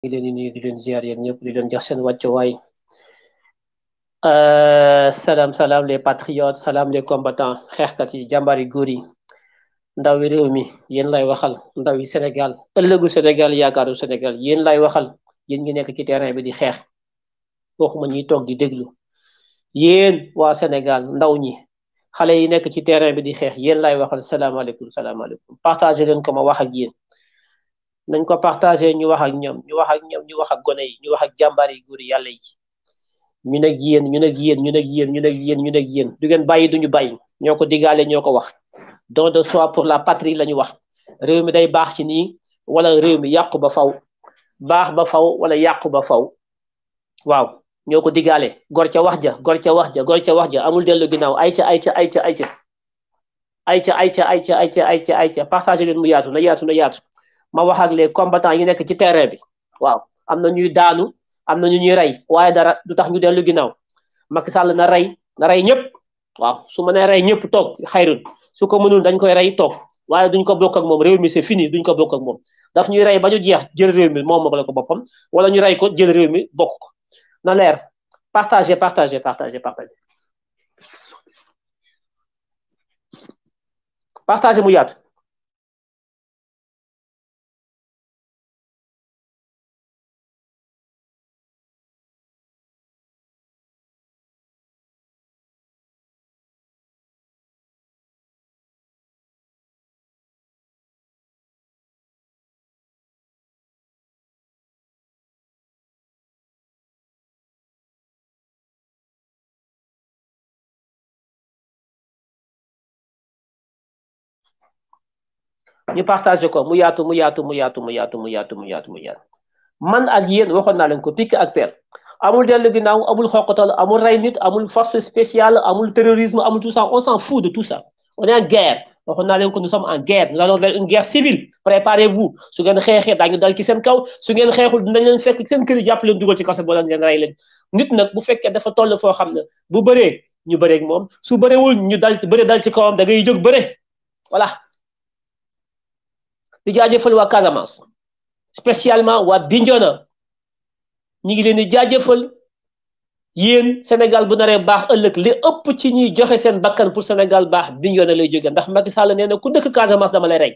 ngi leen di nuyu di leen ziar yéen ñëpp di leen jox seen wàccuwaay salaam salaam les patriotes salaam les combattants xeexkat yi jàmbari góor yi ndaw yi réew mi yéen lay waxal ndaw yi Sénégal ëllëgu Sénégal yaakaaru Sénégal yéen lay waxal yéen ñi nekk ci terrain bi di xeex waxuma ñuy toog di déglu yéen waa Sénégal ndaw ñi xale yi nekk ci terrain bi di xeex yéen lay waxal salaamaaleykum salaamaaleykum partagé leen ko ma wax ak yéen. nañ ko partagé ñu wax ak ñoom ñu wax ak ñoom ñu wax ak gone yi ñu wax ak jàmbaar yi góor yàlla yi ñu nekk yéen ñu nekk yéen ñu nekk yéen ñu nekk yéen ñu nekk yéen du duñu bàyyi ñoo ko diggaale ñoo ko wax don de soi pour la patrie la ñu wax réew mi day baax ci nii wala réew mi yàqu ba faw baax ba faw wala yàqu ba faw waaw ñoo ko diggaale gor ca wax ja gor ca wax ja gor ca wax ja amul dellu ginnaaw ay ca ay ca ay ca ay ca ay ca ay ca ay ca ay ca ay ca partagé leen mu yaatu na yaatu na yaatu ma wax ak les combattants yi nekk ci terrain bi waaw am na ñuy daanu am na ñu ñuy rey waaye dara du tax ñu dellu ginnaaw Macky Sall na rey na rey ñëpp waaw su ma nee rey ñëpp toog xayrun su ko mënul dañ koy rey toog waaye duñ ko bokk ak moom réew mi c'est fini duñ ko bokk ak moom daf ñuy rey ba ñu jeex jël réew mi moom la ko boppam wala ñu rey ko jël réew mi bokk ko na leer partagé partagé partagé partagé partagé mu yaatu ñu partagé ko mu yaatu mu yaatu mu yaatu mu yaatu mu yaatu mu yaatu mu yaatu man ak yéen waxoon naa leen ko picc ak peer amul dellu ginnaaw amul xoqatal amul rey nit amul force spéciale amul terrorisme amul tout ça on s'en fout de tout ça on est en guerre waxoon naa leen ko nous sommes en guerre nous allons vers une guerre civile préparez-vous su ngeen xeexee daañu dal ci seen kaw su ngeen xeexul dinañ leen fekk seen kër yi jàpp leen dugal ci kaso boo leen ngeen rey leen nit nag bu fekkee dafa toll foo xam ne bu bëree ñu bëree ak moom su bëreewul ñu dal bëre dal ci kawam da ngay jóg bëre voilà di jaajëfal waa Casamance spécialement waa Bignona ñu ngi leen di jaajëfal yéen Sénégal bu naree baax ëllëg li ëpp ci ñuy joxe seen bakkan pour Sénégal baax Bignona lay jóge ndax Macky Sall nee na ku dëkk Casamance dama lay rey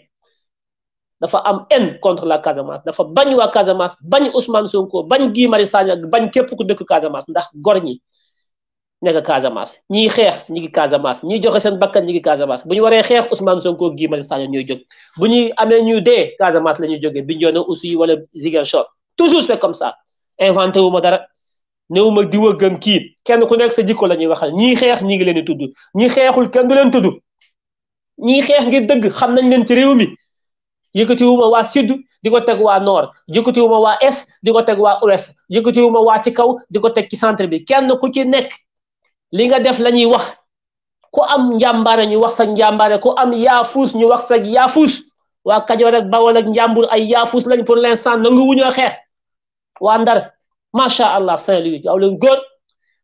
dafa am haine contre la Casamance dafa bañ waa Casamance bañ Ousmane Sonko bañ Guy Marius Sagna bañ képp ku dëkk Casamance ndax gor ñi nekk Casamance ñiy xeex ñi ngi Casamance ñiy joxe seen bakkan ñi ngi Casamance bu ñu waree xeex Ousmane Sonko Guy Marius Sagna ñooy jóg bu ñuy amee ñu dee Casamance joge ñuy jógee Bignona Oussouye wala Ziguinchor toujours c'est comme ça inventé wu ma dara néew ma diw a gën kii kenn ku nekk sa jikko la ñuy waxal ñiy xeex ñi ngi leen di tudd ñi xeexul kenn du leen tudd ñiy xeex ngir dëgg xam nañ leen ci réew mi yëkkatiwuma waa sud di ko teg waa nord yëkkatiwuma waa est di ko teg waa ouest yëkkatiwuma waa ci kaw di ci li nga def lañuy wax ku am njàmbaare ñu wax sa njàmbaare ku am yaafuus ñu wax sa yaafuus waa kajo rek bawol ak njàmbur ay yaafuus lañ pour l'instant nangu wuñoo xeex waa ndar macha allah saint louis yow leen góor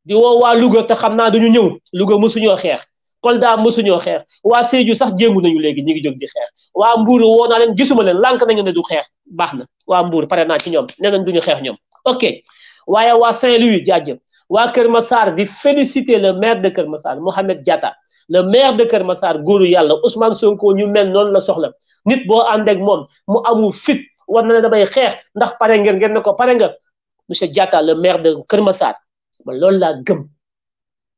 di woo waa Louga te xam naa duñu ñëw Louga mësuñoo xeex Kolda mësuñoo xeex waa Sédhiou sax jéemu nañu léegi ñi ngi jóg di xeex waa Mbour woo naa leen gisuma leen lànk nañu ne du xeex baax na waa Mbour pare naa ci ñoom ne nañ duñu xeex ñoom ok waaye waa Saint Louis jaajëf waa Kër Massar di féliciter le maire de Kër Massar Mohamed Diatta le maire de Kër Massar góoru yàlla Ousmane Sonko ñu mel noonu la soxla nit boo ànd ak moom mu amul fit war na ne damay xeex ndax pare ngeen ngeen ne ko pare nga monsieur Diatta le maire de Kër Massar ma loolu laa gëm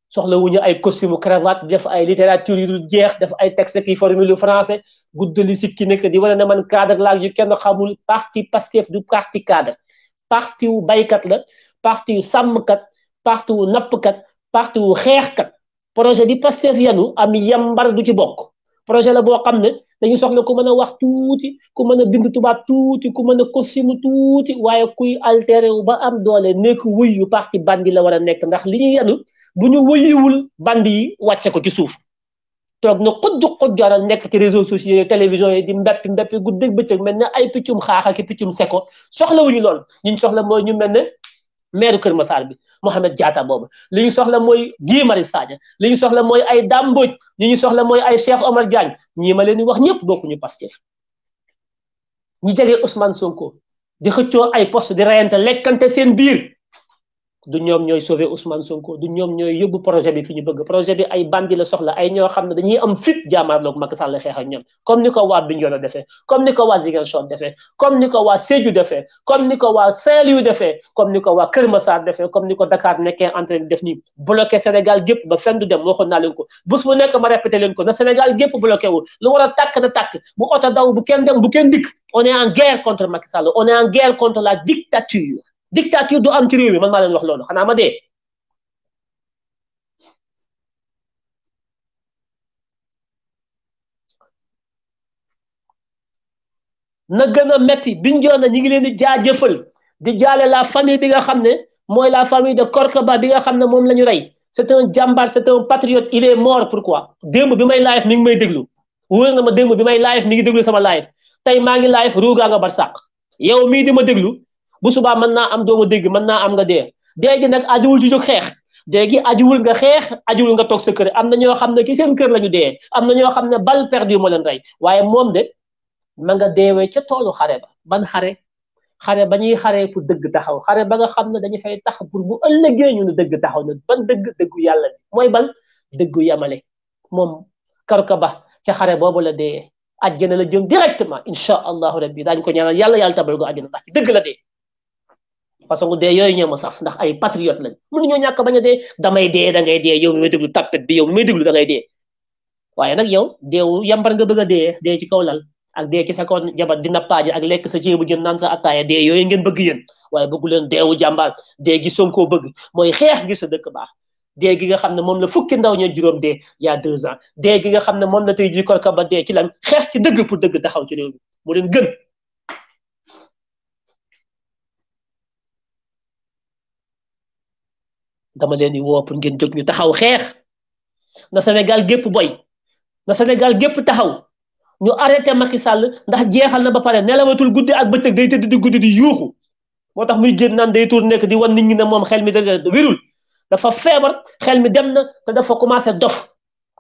soxla wuñu ay costume cravate def ay littérature yu dul jeex def ay texte ki formule français guddali sikki nekk di wane ne man cadre laa yu kenn xamul parti Pastef du parti cadre parti baykat la parti wu parti wu nappkat parti wu xeexkat projet bi Pastef yanu am yambar du ci bokk projet la boo xam ne dañu soxla ku mën a wax tuuti ku mën a bind tubaab tuuti ku mën a costume tuuti waaye kuy altéré wu ba am doole nekk wuyu parti bandi la war a nekk ndax li ñu yanu bu ñu wuyuwul bandi yi wàcce ko ci suuf toog na xujju xujjooral nekk ci réseaux sociaux yi yi di mbeppi mbeppi guddeeg bëccëg mel ne ay piccum xaax ak piccum seko soxla wuñu lool ñun soxla mooy ñu mel ne maire Kër bi Mohamed Diatta boobu li ñu soxla mooy Guy Marius Sagna li ñu soxla mooy ay Dame Mbodj li ñu soxla mooy ay Cheikh Omar Diagne ñii ma leen di wax ñëpp bokkuñu Pastef ñi jege Ousmane Sonko di xëccoo ay poste di reyante lekkante seen biir du ñoom ñooy sauver Ousmane Sonko du ñoom ñooy yóbbu projet bi fi ñu bëgg projet bi ay bandi la soxla ay ñoo xam ne dañuy am fit jaamaarloog Macky Sall xeex ak ñoom comme ni ko waa Bignona defee comme ni ko waa comme ni ko waa Sédhiou comme ni ko waa saint comme ni ko waa Kër Massar comme ni ko Dakar nekkee en train de def nii bloqué Sénégal gépp ba fenn du dem waxoon naa leen ko bés bu nekk ma répété leen ko Sénégal gépp bloqué wu lu a tàkk na tàkk bu oto daw bu kenn dem bu kenn dikk on est en guerre contre dictature du am ci réew mi man maa leen wax loolu xanaa ma dee na gën a metti biñ joon na ñi ngi leen di jaajëfal di jaale la famille bi nga xam ne mooy la famille de Korkaba bi nga xam ne moom la ñu rey c'est un jàmbar c'est un patriote il est mort pourquoi démb bi may live mi ngi may déglu wóor nga ma démb bi may live mi ngi déglu sama live tey maa ngi live ruugaa nga bar sàq yow mii di ma déglu bu subaa mën naa am dooma dégg mën naa am nga dee dee gi nag ajiwul ci xeex dee gi ajiwul nga xeex ajiwul nga toog sa kër am na ñoo xam ne kii seen kër la ñu dee am na ñoo xam ne bal perdu moo leen rey waaye moom de ma nga deewee ca toolu xare ba ban xare xare ba ñuy xaree pour dëgg taxaw xare ba nga xam ne dañu fay tax pour bu ëllëgee ñu ne dëgg taxaw na ban dëgg dëggu yàlla bi mooy ban dëggu yamale moom karuka ba ca xare boobu la dee àjjana la jëm directement incha allahu rabbi daañu ko ñaanal yàlla yàlla tabal ko dëgg la dee façon dee yooyu ñoo ma saf ndax ay patriote lañ mënuñoo ñàkk bañ a dee damay dee da ngay dee yow mi may déglu tapet bi yow mi may déglu da dee yow a dee dee ci kaw lal ak dee ci sa kaw jabar di nappaaji ak lekk sa ceebu jën naan sa attaaya yooyu ngeen bëgg yéen waaye bëggu leen deewu jàmbaar dee gi Sonko bëgg mooy xeex ngir sa dëkk baax dee gi nga xam ne moom la fukki ndaw ñeen juróom dee y'a deux ans dee gi nga xam ne moom la tey ji korka ba dee ci lan xeex dëgg pour dëgg taxaw ci gën dama leen di woo pour ngeen jog ñu taxaw xeex na Sénégal gépp boy na Sénégal gépp taxaw ñu arrêté Macky Sall ndax jeexal na ba pare lamatul guddi ak bëccëg day tëdd di guddi di yuuxu moo tax muy génn naan day tuur nekk di wan nit ñi ne moom xel mi da wérul dafa feebar xel mi dem na te dafa commencé dof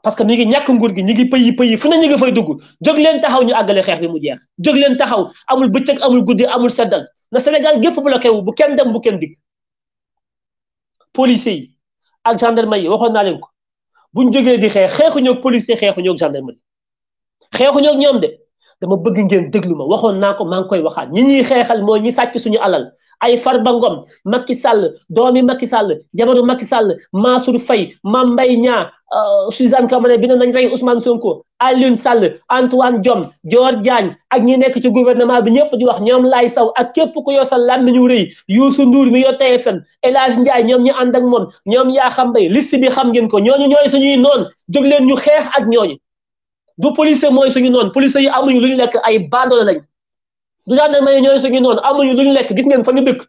parce que mi ngi ñàkk nguur gi ñi ngi pëyi pëyi fu ne ñu ngi fay dugg jóg leen taxaw ñu àggale xeex bi mu jeex jóg leen taxaw amul bëccëg amul guddi amul seddal na Sénégal gépp bloqué wu bu kenn dem bu kenn dig policiers yi ak gendarmerie yi waxoon naa leen ko bu ñu jógee di xeex xeexuñoo ak policier xeexuñoo ak gendarmerie xeexuñoo ak ñoom de dama bëgg ngeen déglu ma waxoon naa ko maa ngi koy waxaat ñi ñuy xeexal mooy ñi sàcc suñu alal ay Farba Ngom Macky Sall doomi Macky Sall jabaru Macky Sall Mansour Faye Mame Mbaye Niang euh, Suzanne Camara bi ne nañ rey Ousmane Sonko Alioune Sall Antoine Diome Dior Diagne ak ñi nekk ci gouvernement bi ñëpp di wax ñoom laay saw ak képp ku sal lan la ñu rëy Youssou Ndour mi yor TFM El Hadj Ndiaye ñoom ñi ànd ak moom ñoom yaa xambay bay liste bi xam ngeen ko ñooñu ñooy suñuy noon jóg leen ñu xeex ak ñooñu du police mooy suñu noon police yi amuñu lu ñu lekk ay baadoolo lañ du gendarme yi ñooy suñu noonu amuñu lu ñu lekk gis ngeen fa ñu dëkk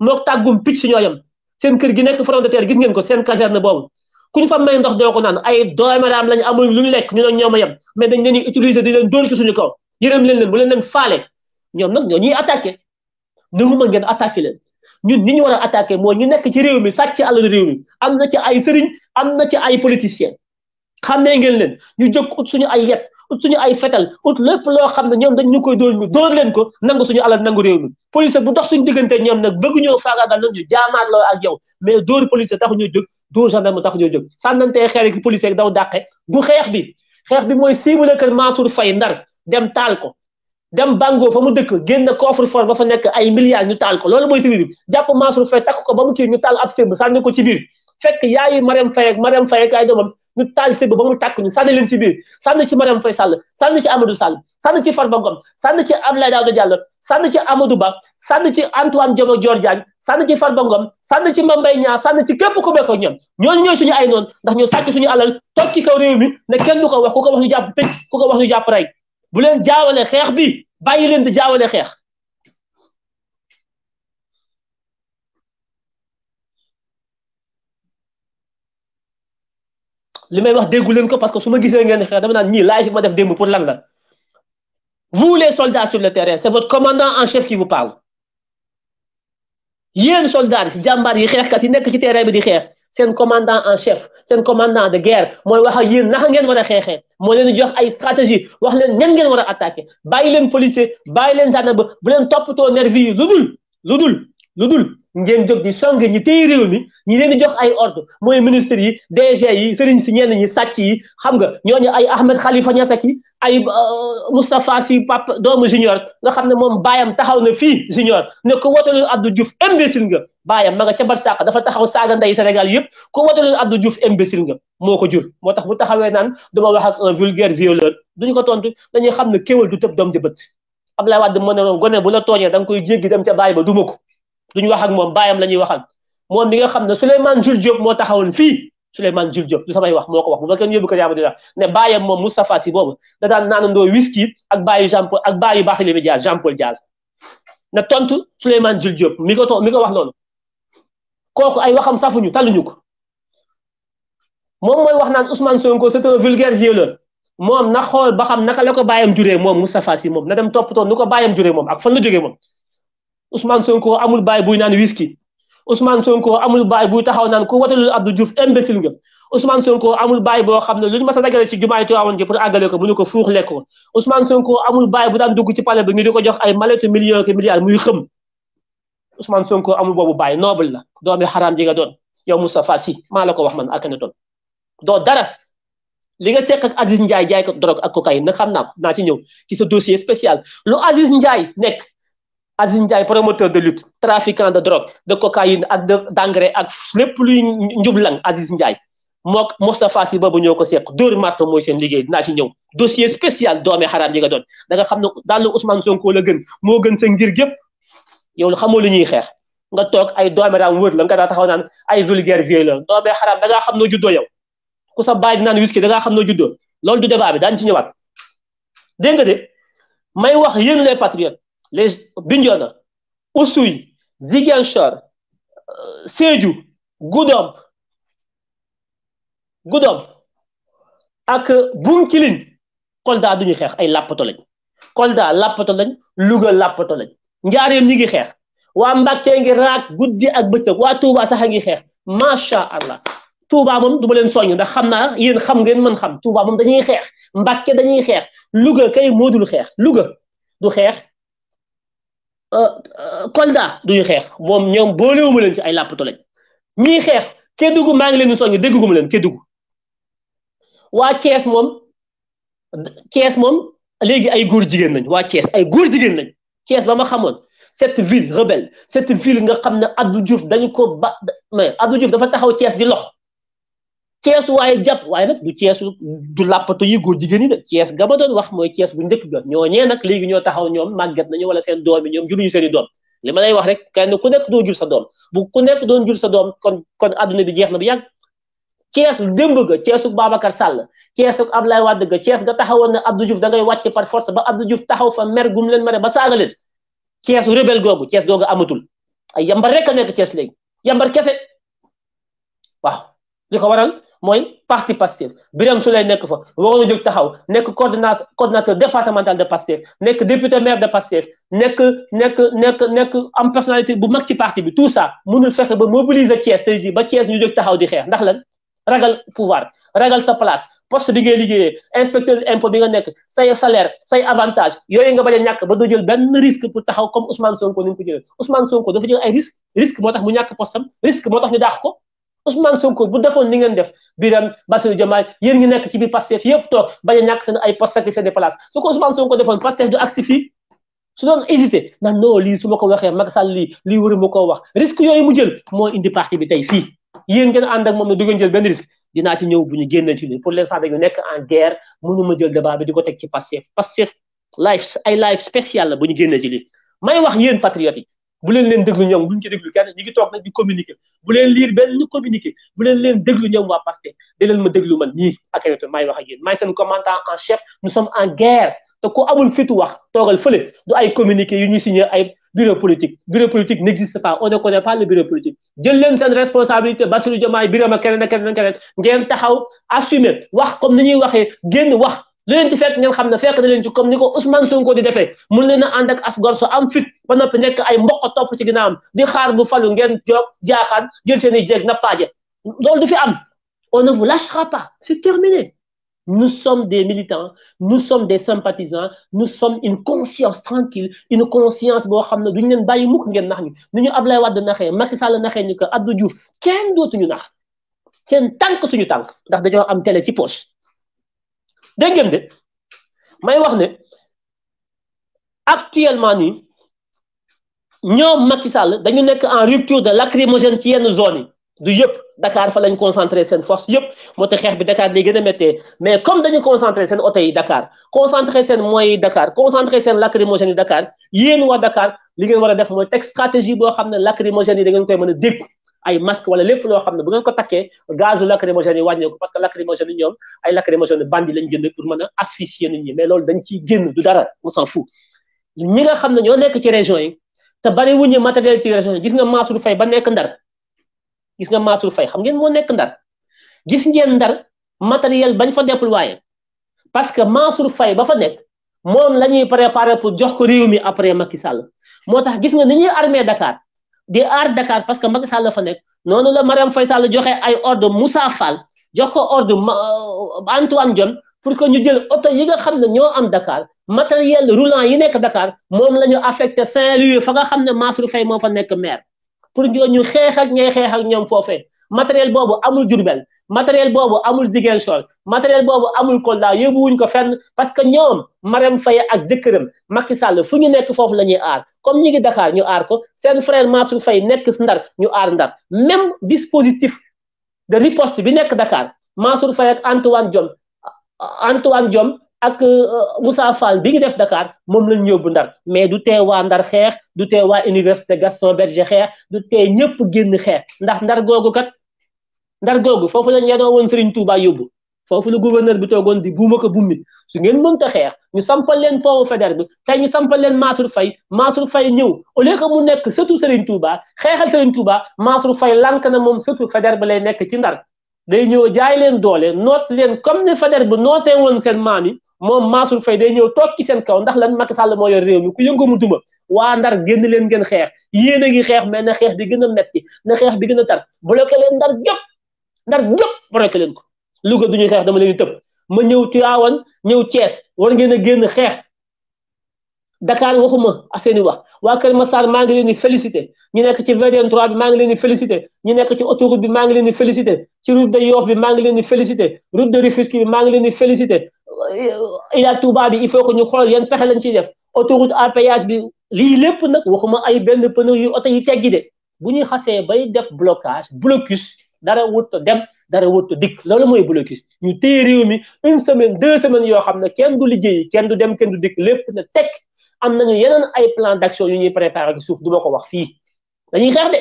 mook tàggum picc ñoo yem seen kër gi nekk frontière gis ngeen ko seen caserne boobu ku ñu fa may ndox doo ko naan ay doomeraam lañu amuñu lu ñu lekk ñu nag ñoom yem mais dañ leen di utiliser di leen dóor ci suñu kaw yërëm leen leen bu leen leen faale ñoom nag ñoo ñuy attaqué nanguma ngeen attaqué leen ñun ñi ñu war a attaqué mooy ñu nekk ci réew mi sàcc àll réew mi am na ci ay sëriñ am na ci ay politiciens xàmmee ngeen leen ñu jóg ut suñu ay yet ut suñu ay fetal ut lépp loo xam ne ñoom dañ ñu koy dóor ñu dóor leen ko nangu suñu alal nangu réew mi police bu dox suñu diggante ñoom nag bëgg ñoo faagaagal nag ñu jaamaar loo ak yow mais dóor police taxu ñoo jóg dóor gendarme taxu ñoo jóg sànnantee xeer ki police rek daw du xeex bi xeex bi mooy ciblé kër Mansour Faye Ndar dem taal ko dem bango fa mu dëkk génn coffre fort ba fa nekk ay milliards ñu taal ko loolu mooy cible bi jàpp Mansour Faye takk ko ba mu kii ñu taal ab sémb sànni ko ci biir fekk yaayu Mariam Faye ak Mariam Faye ak ay doomam ñu taal sédd ba mu tàkk ñu sànni leen ci biir sànni ci Mariam Faye Sall sànni ci Amadou Sall sànni ci Farba Ngom sànni ci Abdoulaye Daouda Diallo sànni ci Amadou Ba sànni ci Antoine Diome Dior Diagne ci Farba Ngom sànni ci Mame Mbaye Niang ci kepp ku bokk ak ñoom ñooñu ñooy suñu ay noon ndax ñoo sàcc suñu alal toog ki kaw réew ne kenn du ko wax ku ko wax ñu jàpp tëj ku ko wax ñu jàpp rey bu leen jaawale xeex bi bàyyi leen di jaawale xeex limay wax déggu leen ko parce que suma ma gisee ngeen xeex dama naan ñii laaj ma def démb pour lan la vous les soldats sur le terrain c'est votre commandant en chef qui vous parle yéen soldat si jàmbaar yi kat yi nekk ci terrain bi di xeex seen commandant en chef seen commandant de guerre mooy wax ak yéen naka ngeen war a xeexee moo leen jox ay stratégie wax leen ñan ngeen war a attaquer bàyyi leen policier bàyyi leen gendarme bu leen toppatoo nervi yi lu dul lu dul lu dul ngeen jóg di song ñi téye réew mi ñi leen di jox ay ordre mooy ministre yi DG yi sëriñ si ñenn ñi sàcc yi xam nga ñooñu ay Ahmed Khalifa Niass ak yi ay euh, Moustapha Sy papa doomu junior nga xam ne moom baayam taxaw na fii junior ne ko wotalu Abdou Diouf imbécile nga baayam ma nga ca barsàq dafa taxaw saaga ndey Sénégal yëpp ko wotalu Abdou Diouf imbécile nga moo ko jur moo tax bu taxawee naan duma wax ak un vulgaire violeur duñu ko tontu dañuy xam ne kéwal du tëb doom di bët Abdoulaye Wade moo ne woon gone bu la tooñee da koy jéggi dem ca baay ba duma ko duñu wax ak moom baayam la ñuy waxal moom mi nga xam ne Souleymane Jules Diop moo taxawoon fi Souleymane Jules Diop du samay wax moo ko wax bu ma kenn yóbbu ko yaama di wax ne baayam moom Moustapha Sy boobu da daan naanandoo whisky ak baayu Jean Paul ak baayu Barthélémy Diaz Jean Paul Diaz na tontu Souleymane Jules Diop mi ko to mi ko wax loolu kooku ay waxam safuñu taluñu ñu moom mooy wax naan Ousmane Sonko c'est un vulgaire violeur moom na xool ba xam naka la ko baayam juree moom Moustapha Sy moom na dem toppatoo nu ko baayam juree moom ak fan la jógee moom son Sonko amul baay buy naan whisky Ousmane Sonko amul baay buy taxaw naan ku wotalul Abdou Diouf imbécile nga Ousmane Sonko amul baay boo xam ne lu ñu mas a dagale ci jumaay Tiwaawan ji pour àggale ko mu ne ko fuux ko Sonko amul baay bu daan dugg ci palais bi ñu di ko jox ay maletu millions ak milliards muy xëm Ousmane Sonko amul boobu baay noble la doomi xaraam ji doon yow Moustapha Sy ma la ko wax man ak ne doon doo dara li nga seq ak Aziz Ndiaye jaay ko drogue ak cocaïne nag xam naa ko naa ci ñëw ci sa dossier spécial lu Aziz Ndiaye nekk. Aziz Ndiaye promoteur de lutte trafiquant de drogue de cocaïne ak de d'engrais ak lépp luy njublang Aziz Ndiaye moo Moustapha Sy boobu ñoo ko seq dóor marto mooy seen liggéey dinaa ci ñëw dossier spécial doomi xaraam yi nga doon da nga xam ne daal Ousmane Sonko la gën moo gën sa ngir gépp yow xamoo lu ñuy xeex nga toog ay doomi raam wër la nga daa taxaw naan ay vulgaire vieux la doomi xaraam da ngaa xam noo juddoo yow ku sa bàyyi di naan whisky da ngaa xam noo juddoo loolu du débat bi daañu ci ñëwaat dégg nga de may wax yéen les patriotes les Bignona, Oussouy, Ziguinchor, Sédiou, Goudomp, Goudomp ak bunkilin Kolda duñu xeex ay làppato lañ Kolda làppato lañ Louga làppato lañ njaareem ñi ngi xeex waa Mbàkke ngi raak guddi ak bëccëg waa Touba sax a ngi xeex macha allah Touba moom du ma leen soññ ndax xam naa yéen xam ngeen mën xam Touba moom dañuy xeex Mbàkke dañuy xeex Louga kay moo dul xeex du xeex Euh, euh, Kolda duñu xeex moom ñoom boolewuma leen ci ay làppatu lañ ñii xeex Kédougou maa ngi leen di soññ dégguma leen Kédougou waa Thiès moom Thiès moom léegi ay góor jigéen lañ waa Thiès ay góor jigéen lañ Thiès ba ma xamoon cette ville rebelle cette ville nga xam ne Abdou Diouf dañu ko ba mais Abdou jouf dafa taxaw cees di lox kees waaye jàpp waaye nag du keesu du làppatu yi góor jigéen ñi de kees ga ma doon wax mooy kees bu njëkk ga ñooñee nag léegi ñoo taxaw ñoom màggat nañu wala seen doom yi ñoom juruñu seen i doom li ma lay wax rek kenn ku nekk doo jur sa doom bu ku nekk doon jur sa doom kon kon adduna bi jeex na bu yàgg kees démb ga keesu Babacar Sall keesu ablay Wade ga kees ga taxawoon na Abdou Diouf da ngay wàcc par force ba Abdou Diouf taxaw fa mer gum leen mere ba saaga leen keesu rebel googu kees googu amatul ay yambar rek a nekk kees léegi yambar kese waaw li ko waral mooy parti Pastef Birame Souleye nekk fa waroon a jóg taxaw nekk coordinateur coordinateur départemental de Pastef nekk député maire de Pastef nekk nekk nekk nekk am personnalité bu mag ci parti bi tout ça mënul fexe ba mobiliser Thiès tey jii ba Thiès ñu jóg taxaw di xeex ndax lan ragal pouvoir ragal sa place poste bi ngay liggéeyee inspecteur impôt bi nga nekk say salaire say avantage yooyu nga a ñàkk ba doo jël benn risque pour taxaw comme Ousmane Sonko ko jëlee Ousmane Sonko dafa jël ko Ousmane Sonko bu defoon ni ngeen def Biram Bassirou Diomaye yeen ñi nekk ci bi passé fi yépp tok a ñak seen ay poste ak seen place su ko Ousmane Sonko defoon passé du agsi fi su doon hésiter na no li su mako waxe waxee Macky Sall li lii wëru ma wax risque yoy mu jël mo indi parti bi tay fi yeen ngeen and ak mom ne du ngeen jël ben risque dina ci ñew bu ñu ci li pour l'instant dañu nekk en guerre mënu ma jël débat bi diko tek ci passé passé life ay life spécial bu ñu ci li may wax yeen patriotique bu leen leen déglu ñoom buñ ko déglu kenn ñu ngi toog nag di communiquer bu leen liir leen leen déglu ñoom waa Pastef da ma déglu man nii ak ayot maay wax ak yéen maay seen commandant en chef nous sommes en guerre te ku amul fitu wax toogal fële du ay communiqué yu ñuy signé ay bureau politique bureau politique n'existe pas on ne connaît pas le bureau politique jël leen seen responsabilité Bassirou Diomaye Birame ak keneen ak keneen ak keneen ngeen comme ni ñuy waxee génn wax li leen ci fekk ngeen xam ne fekk na leen ci comme ni ko Ousmane Sonko di defee mun leen a ànd ak as gor su am fit ba noppi nekk ay mboq topp ci ginnaawam di xaar bu falu ngeen joog jaaxaan jël seen i jeeg nappaaje loolu du fi am on ne vous lâchera pas c'est terminé nous sommes des militants nous sommes des sympathisants nous sommes une conscience tranquille une conscience boo xam ne duñu leen bàyyi mukk ngeen nax ñu ni ñu Ablaye Wade naxee Macky Sall naxee ñu ko Abdou Diouf kenn dootuñu nax seen tànk suñu tànk ndax dañoo am télé ci poche. dégg ngeen de may wax ne actuellement nii ñoom Macky Sall dañu nekk en rupture de lacrymogène ci yenn zone yi du yëpp Dakar fa lañ concentré seen force yëpp moo tax xeex bi Dakar lay gën a mais comme dañu concentré seen oto yi Dakar concentré seen moyens yi Dakar concentré seen lacrymogène yi Dakar yéen waa Dakar li ngeen war a def mooy teg stratégie boo xam ne lacrymogène yi da ngeen koy mën a dékku ay masque wala lépp loo xam ne bu ngeen ko takkee gazu lacrymogène yi wàññeeku parce que lacrymogène yi bandi lañ jënd pour mën a asphyxier nit ñi mais loolu dañ ciy génn du dara on s'en fout ñi nga xam ne ñoo nekk ci région yi te bari wuñu matériel ci région yi gis nga Mansour Faye ba nekk ndar gis nga Mansour fay xam ngeen moo nekk ndar gis ngeen ndar matériel bañ fa waaye parce que Mansour fay ba fa nekk moom la ñuy préparé pour jox ko réew mi après Macky Sall moo tax gis nga ni ñuy armée Dakar di aar Dakar parce que Macky Sall la fa nekk noonu la Mariam Faye Sall joxe ay ordre Moussa Fall jox ko ordre euh, Antoine Diome pour que ñu jël oto yi nga xam ne ñoo am Dakar matériel roulant yi nekk Dakar moom la ñu affecté Saint-Louis fa nga xam ne Mansour Faye moo fa nekk maire pour ñu xeex ak ñay xeex ak ñoom foofee matériel boobu amul Jurbel matériel boobu amul Ziguinchor matériel boobu amul Kolda yóbbuwuñ ko fenn parce que ñoom Marème Faye ak jëkkëram Macky Sall fu ñu nekk foofu la ñuy aar comme ñi ngi Dakar ñu aar ko seen frère Mansour Faye nekk Ndar ñu aar Ndar même dispositif de riposte bi nekk Dakar Mansour Faye ak Antoine Diome Antoine Diome ak euh, Moussa Fall bi ngi def Dakar moom lañ yóbbu Ndar mais du tee waa Ndar xeex du tee waa université Gaston Berger xeex du tee ñëpp génn xeex ndax Ndar googu kat. ndar googu foofu la ñeenoo woon Serigne Touba yóbbu foofu la gouverneur bi toogoon di buuma ko bummi su ngeen mënta xeex ñu sampal leen pont Faidherbe bi tey ñu sampal leen Mansour Faye Mansour Faye ñëw au lieu que mu nekk sëtu Serigne Touba xeexal Serigne Touba Mansour Faye lànk na moom sëtu Faidherbe bi lay nekk ci ndar day ñëw jaay leen doole noot leen comme ne Faidherbe bi nootee woon seen maam yi moom Mansour fay day ñëw toog ci seen kaw ndax lan Macky Sall moo yor réew mi ku yëngoo mu duma waa ndar génn leen geen xeex yéen a ngi xeex mais xeex bi gën a metti na xeex bi gën a tar ndar yëpp bloqué leen ko Louga du ñuy xeex dama leen tëb ma ñëw Tiwaawan ñëw cees war ngeen a génn xeex Dakar waxuma a seeni wax waa Kër Massar maa ngi leen di félicité ñu nekk ci VDN 3 bi maa ngi leen di félicité ñu nekk ci autoroute bi maa ngi leen di félicité ci route de Yoff bi maa ngi leen di félicité route de Rufisque bi maa ngi leen di félicité euh, Ila Touba bi il faut que ñu xool yan pexe lañ ciy def autoroute à péage bi lii lépp nag waxuma ay benn pneu yu oto yi teggi de bu ñuy xasee bay def blocage blocus dara wut dem dara wut dikk loolu mooy blocus ñu téye réew mi une semaine deux semaines yoo xam ne kenn du liggéeyi kenn du dem kenn du dikk lépp na teg am nañu yeneen ay plan d'action yu ñuy préparé ci suuf du ma ko wax fii dañuy xeex de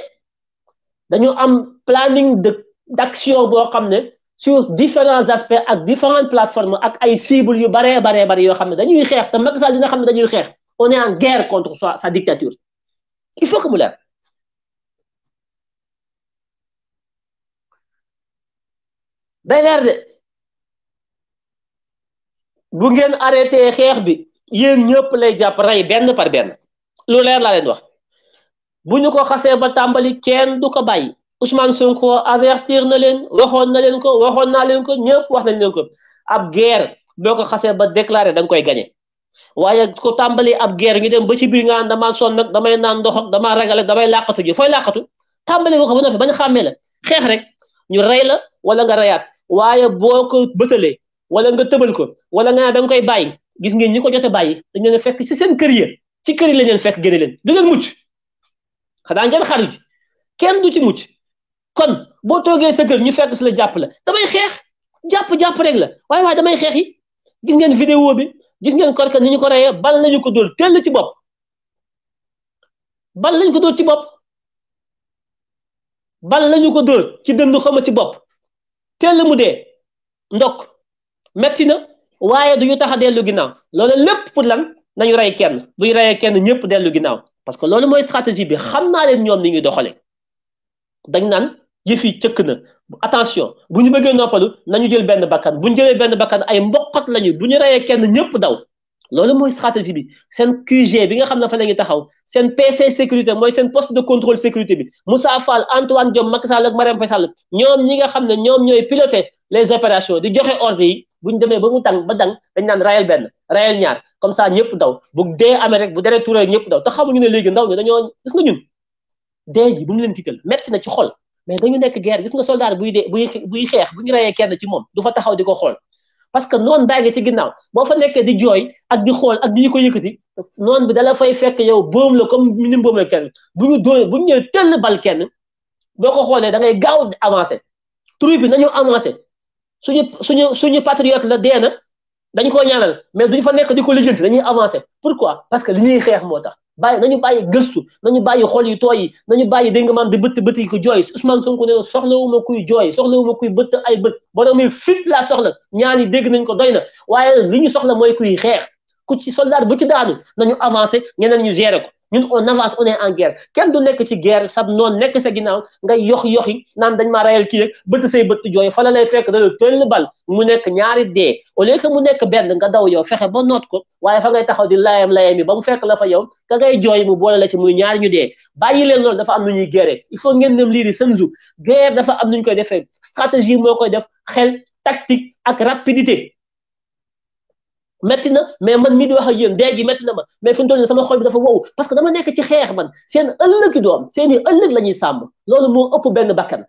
dañu am planning de d'action boo xam ne sur différents aspects ak différentes plateformes ak ay cibles yu baree bare bari yoo xam ne dañuy xeex te Macky Sall dina xam ne dañuy xeex on est en guerre contre sa dictature il faut que mu leer day leer de bu ngeen arrêté xeex bi yéen ñëpp lay jàpp rey benn par benn lu leer laa leen wax bu ñu ko xasee ba tàmbali kenn du ko bàyyi Ousmane Sonko avertir na leen waxoon na leen ko waxoon naa leen ko ñëpp wax nañ leen ko ab guerre boo ko xasee ba déclaré da koy gañe waaye ko tàmbali ab guerre ñu dem ba ci biir nga naan damaa sonn nag damay naan ndox damaa ragal damay làqatu ji fooy làqatu tàmbali nga ko ba noppi bañ xàmmee la xeex rek ñu rey la wala nga reyaat waaye boo ko bëtalee wala nga tëbal ko wala nga da nga koy bàyyi gis ngeen ñi ko jot a bàyyi dañ fekk ci seen kër ya ci kër yi lañ fekk génne leen du ngeen mucc xanaa ngeen xaru kenn du ci mucc kon boo toogee sa kër ñu fekk si la jàpp la damay xeex jàpp-jàpp rek la waaye waaye damay xeex yi gis ngeen vidéo bi gis ngeen korka ni ñu ko reyee bal lañu ko dóor teel ci bopp bal lañu ko dóor ci bopp bal lañu ko dóor ci dënd xoma ci bopp teel mu dee ndokk metti na waaye du ñu tax a dellu ginnaaw loolu lépp pour lan nañu rey kenn bu ñu reyee kenn ñëpp dellu ginnaaw parce que loolu mooy stratégie bi xam naa leen ñoom ni ñuy doxalee dañ naan yëf yi cëkk na attention bu ñu bëggee noppalu ñu jël benn bakkan bu ñu jëlee benn bakkan ay mboqat lañu bu ñu reyee kenn ñëpp daw. loolu mooy stratégie bi seen QG bi nga xam ne fa la taxaw seen PC sécurité mooy seen poste de contrôle sécurité bi Moussa Fall Antoine Diome Macky Sall ak Marième Faye Sall ñoom ñi nga xam ne ñoom ñooy piloté les opérations di joxe ordre yi bu ñu demee ba mu tàng ba dang dañ naan rayal benn rayal ñaar comme ça ñëpp daw bu dee amee rek bu deree turé ñëpp daw te xamuñu ne léegi ndaw ñi dañoo gis nga ñun dee ji bu mu leen tiital metti na ci xool mais dañu nekk guerre gis nga soldat buy buy buy bu ñu rayee kenn ci moom du fa taxaw di ko xool parce que noonu daa ngi ci ginnaaw boo fa nekkee di jooy ak di xool ak di ko yëkkati noonu bi dala fay fekk yow boom la comme ni boomee kenn bu ñu bu ñu bal kenn boo ko da ngay gaaw avancé troupe bi nañu avancé suñu suñu suñu patriote la dee dañ koo ñaanal mais duñ fa nekk di dañuy avancé pourquoi parce que li ñuy xeex bàyyi nañu bàyyi gëstu nañu bàyyi xol yi tooy yi nañu bàyyi dégg nga maam di bëtt bëtt yi ko jooy Ousmane Sonko nee na soxlawuma kuy jooy soxlawuma kuy bëtt ay bët borom mi fit laa soxla ñaan yi dégg nañ ko doy na waaye li ñu soxla mooy kuy xeex ku ci soldat bu ci daanu nañu avancé ñeneen ñu gérer ko ñun on avance on est en guerre kenn du nekk ci guerre sab non nekk sa ginnaaw nga yox yoxi naan dañ ma rayal kii rek bët say bët jooy fa la lay fekk da la tëll bal mu nekk ñaari dee au lieu mu nekk benn nga daw yow fexe ba noot ko waaye fa ngay taxaw di layam layam yi ba mu fekk la fa yow ka ngay jooy mu boole la ci muy ñaari ñu dee bàyyi leen dafa am nu ñuy guerre il faut ngeen dem lii di seen jour guerre dafa am nu ñu koy defee stratégie moo koy def xel tactique ak rapidité metina mais man mi di wax ak yéen dee gi metina ma mais fi mu sama xol bi dafa wow parce que dama nekk ci xex man seen ëllëg doom seen i ëllëg la ñuy sàmm loolu moo ëpp benn bakkan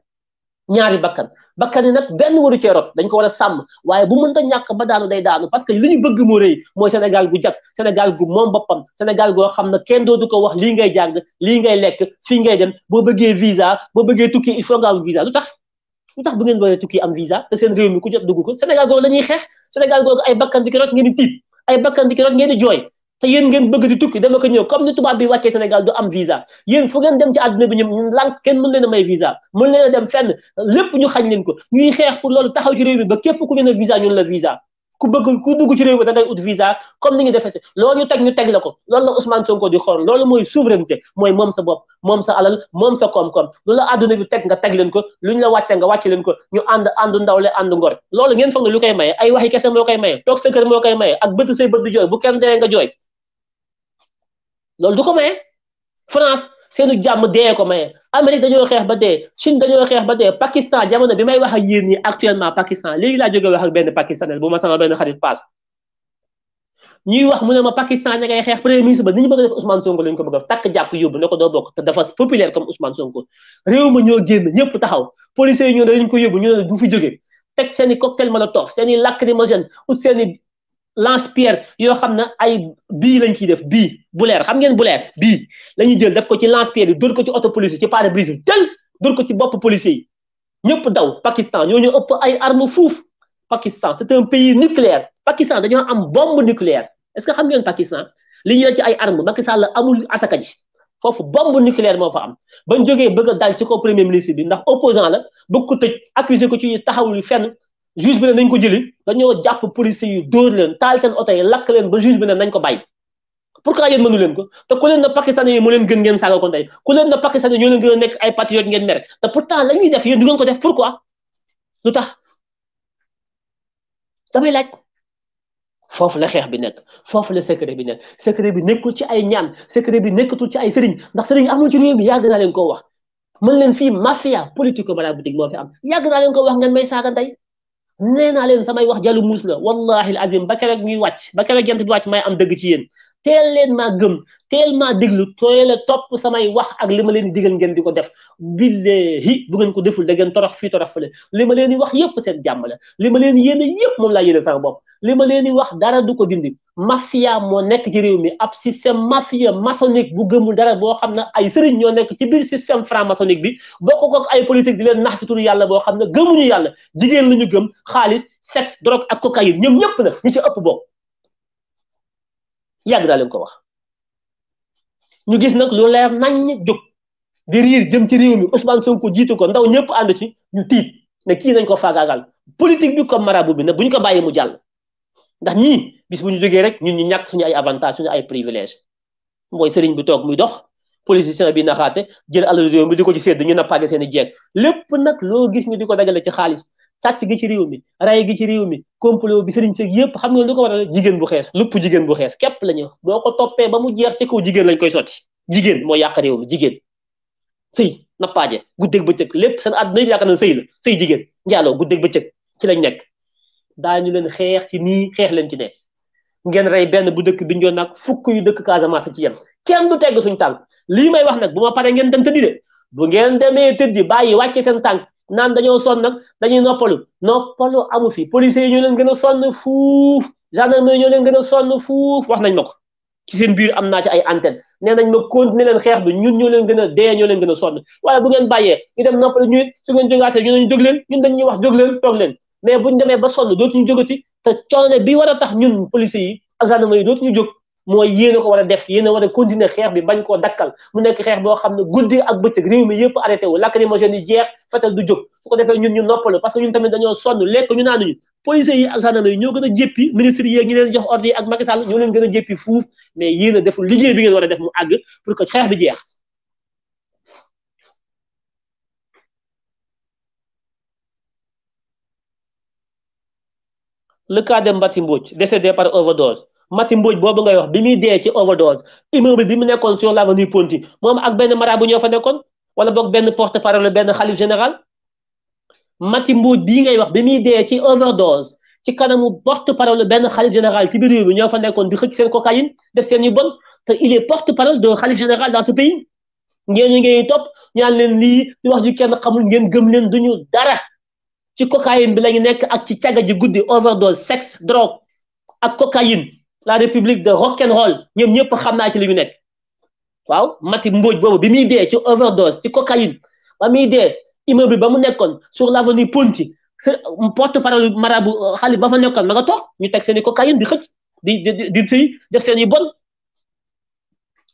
ñaari bakkan bakkan yi nag benn waru cee rot dañ ko war a sàmm waaye bu mënta ñàkk ba daanu day daanu parce que li ñu bëgg mu rëy mooy Sénégal gu jag Sénégal gu moom boppam Sénégal goo xam ne kenn du ko wax lii ngay jàng lii ngay lekk fii ngay dem boo bëggee visa boo bëggee tukki il faut nga am visa lu tax ndax bu ngeen doyee tukki am visa te seen réew mi ku jot duggu ko Sénégal googu la ñuy xeex Sénégal googu ay bakkan di ki rot ngeen di tiit ay bakkan di ki rot ngeen di joy te yeen ngeen bëgg di tukki dama ko ñëw comme ni tuba bi wàccee Sénégal du am visa yeen fu ngeen dem ci aduna bi ñoom lan kenn mën leena may visa mën leena dem fenn lepp ñu xañ leen ko ñuy xex pour loolu taxaw ci réew mi ba képp ku ngeen visa ñun la visa ku bëgg ku dugg ci réew mi da ngay ut visa comme ni ñu defee si ñu teg ñu teg la ko loolu la Ousmane Sonko di xool loolu mooy souveraineté mooy mom sa bopp moom sa alal moom sa koom-koom lu la àdduna bi teg nga teg len ko lu ñu la wàcce nga wàcce leen ko ñu ànd ànd ndawle ànd ngor loolu ngeen foog ne lu koy maye ay waxi kese moo koy maye toog sa kër moo koy maye ak bëtt say bët du jooy bu kenn dee nga jooy loolu du ko maye France seenu jàmm dee ko maye Amérique dañoo xeex ba dee Chine dañoo xeex ba dee Pakistan jamono bi may wax ak yéen ñi actuellement Pakistan léegi laa jógee wax ak benn pakistanais bu ma benn xarit paas ñuy wax mu ne ma Pakistan ña ngay xeex premier ministre ba ni ñu bëgg a def Ousmane Sonko lañ ko bëgg a te dafa populaire comme Ousmane Sonko réew ma ñoo génn ñëpp taxaw policiers yi ñoo dañ ko yóbbu ñu ne fi jóge teg seen i cocktail molotov seen i lacrymogène ut seen lance-pierre you xamna ay bi lañ ci def bi bu leer xam ngeen bu leer bi lañu jël def ko ci lance-pierre yi ko ci auto police ci pare-brise tel ci daw Pakistan ñoo ñu upp ay Pakistan c'est un pays nucléaire Pakistan dañu am bombe nucléaire est-ce que xam ngeen Pakistan li ñu ci ay armes Pakistan amul asaka ji fofu bombe nucléaire am bañ bëgg dal ci ko premier ministre bi ndax opposant la ko ko ci juge bi ne nañ ko jëli dañoo jàpp policiers yi dóor leen taal seen oto yi lakk leen ba juge bi ne nañ ko bàyyi pourquoi yéen mënu leen ko te ku leen na pakistanais yi moo leen gën ngeen saaga ko tey ku leen na pakistanais ñoo leen gën a nekk ay patriote ngeen mere te pourtant la ñuy def yéen du ko def pourquoi lu tax damay laaj foofu la xeex bi nekk foofu la secret bi nekk secret bi nekkul ci ay ñaan secret bi nekkatul ci ay sëriñ ndax sëriñ amul ci réew mi yàgg naa leen koo wax mën leen fii mafia politique maraboutiques moo yàgg naa ko wax ngeen may saaga tey nee naa leen samay wax jalu muus la wallahi azim ba keroog ñuy wàcc ba keroog jant bi wàcc may am dëgg ci yéen teel leen maa gëm teel maa déglu teel a topp samay wax ak li ma leen digal ngeen di ko def billahi bu ngeen ko deful da ngeen torox fii torox fële li ma leen di wax yépp seen jàmm la li ma leen yéene yépp moom laa yéene sama bopp li ma leen di wax dara du ko dindi mafia moo nekk ci réew mi ab système mafia maçonnique bu gëmul dara boo xam ne ay sëriñ ñoo nekk ci biir système franc maçonnique bi bokk kook ay politique di leen nax ci turu yàlla boo xam ne gëmuñu yàlla jigéen la ñu gëm xaalis sexe drogue ak cocaïne ñoom ñëpp na ñu ci ëpp bokk yàgg ko wax ñu gis nag lu leer nañ jóg di riir jëm ci réew mi Ousmane Sonko jiitu ko ndaw ñëpp ànd ci ñu tiit ne kii nañ ko faagaagal politique bi ko mara bu bi nag bu ñu ko bàyyi mu jàll ndax ñi bis bu ñu jógee rek ñun ñu ñàkk suñu ay avantage suñu ay privilège mooy sëriñ bi toog muy dox politicien bi naxaate jël alal réew di ko ci sédd ñu nappaage seen i jeeg lépp nag loo gis ñu di ko dagale ci xaalis sàcc gi ci réew mi ray gi ci réew mi complot bi sëriñ sëg yëpp xam nga lu ko waral jigéen bu xees lupp jigéen bu xees képp lañu boo ko toppee ba mu jeex ci kaw jigéen lañ koy sotti jigéen mooy yàq réew mi jigéen sëy nappaaje guddeeg bëccëg lépp seen àdduna yi yaakaar na sëy la sëy jigéen njaaloo guddeeg ci lañ nekk ñu leen xeex ci nii xeex leen ci ne ngeen rey benn bu dëkk bi njoon nag fukk yu dëkk Casamance ci yem kenn du tegg suñu tànk lii may wax nag bu ma paree ngeen dem tëddi de bu ngeen demee tëddi bàyyi wàcce seen tànk naan dañoo sonn nag dañuy noppalu noppalu amu fi policiers ñu leen gën a sonn fuuf gendarmerie ñoo leen gën a sonn fuuf wax nañ ma ko ci seen biir am naa ci ay antenne nee nañ ma continuer leen xeex bi ñun ñoo leen gën a dee ñoo leen gën a sonn waaye bu ngeen bàyyee ñu dem noppalu ñu su ngeen jógaatee ñu ñu jóg leen ñun dañuy wax jóg leen toog leen mais buñ demee ba sonn dootuñu jógati te coono bi war a tax ñun police yi ak gendarmerie yi ñu jóg mooy yéen a ko war a def yéen a war a continuer xeex bi bañ koo dakkal mu nekk xeex boo xam ne guddi ak bëccëg réew yëpp arrêté wu lacrymogène yi jeex fetal du jóg su ko defee ñun ñu noppalu parce que ñun tamit dañoo sonn lekk ñu naanuñu policiers yi ak gendarmerie yi ñoo gën a jéppi ministres yi ñi leen jox ordre yi ak Macky ñoo leen gën a jéppi fuuf mais yéen a bi war a def àgg pour que xeex bi le cas de Mbathi Mbodj décédé par overdose Mati Mbodj boobu ngay wax bi muy dee ci overdose immeuble bi mu nekkoon sur l'avenue Ponty moom ak benn marabu ñoo fa nekkoon wala boog benn porte parole benn xalif général Mati Mbodj bii ngay wax bi muy dee ci overdose ci kanamu porte parole benn xalif général ci biir réew mi ñoo fa nekkoon di xëcc seen cocaïne def seen yu bon te il est porte parole de xalif général dans ce pays ngeen ñu ngi topp ñaan leen lii di wax ju kenn xamul ngeen gëm leen duñu dara. ci cocaïne bi lañu nekk ak ci caga ji guddi overdose sexe drogue ak cocaïne la république de rock and roll ñoom ñëpp xam naa ci li ñu nekk waaw Mati mbooj boobu bi muy dee ci overdose ci cocaïne ba muy dee immeuble ba mu nekkoon sur l'avenue Ponty euh, porte parole marabu euh, xaalis ba fa nekkoon ma nga toog ñu teg seen i cocaïne di xëcc di di di sëy def seen i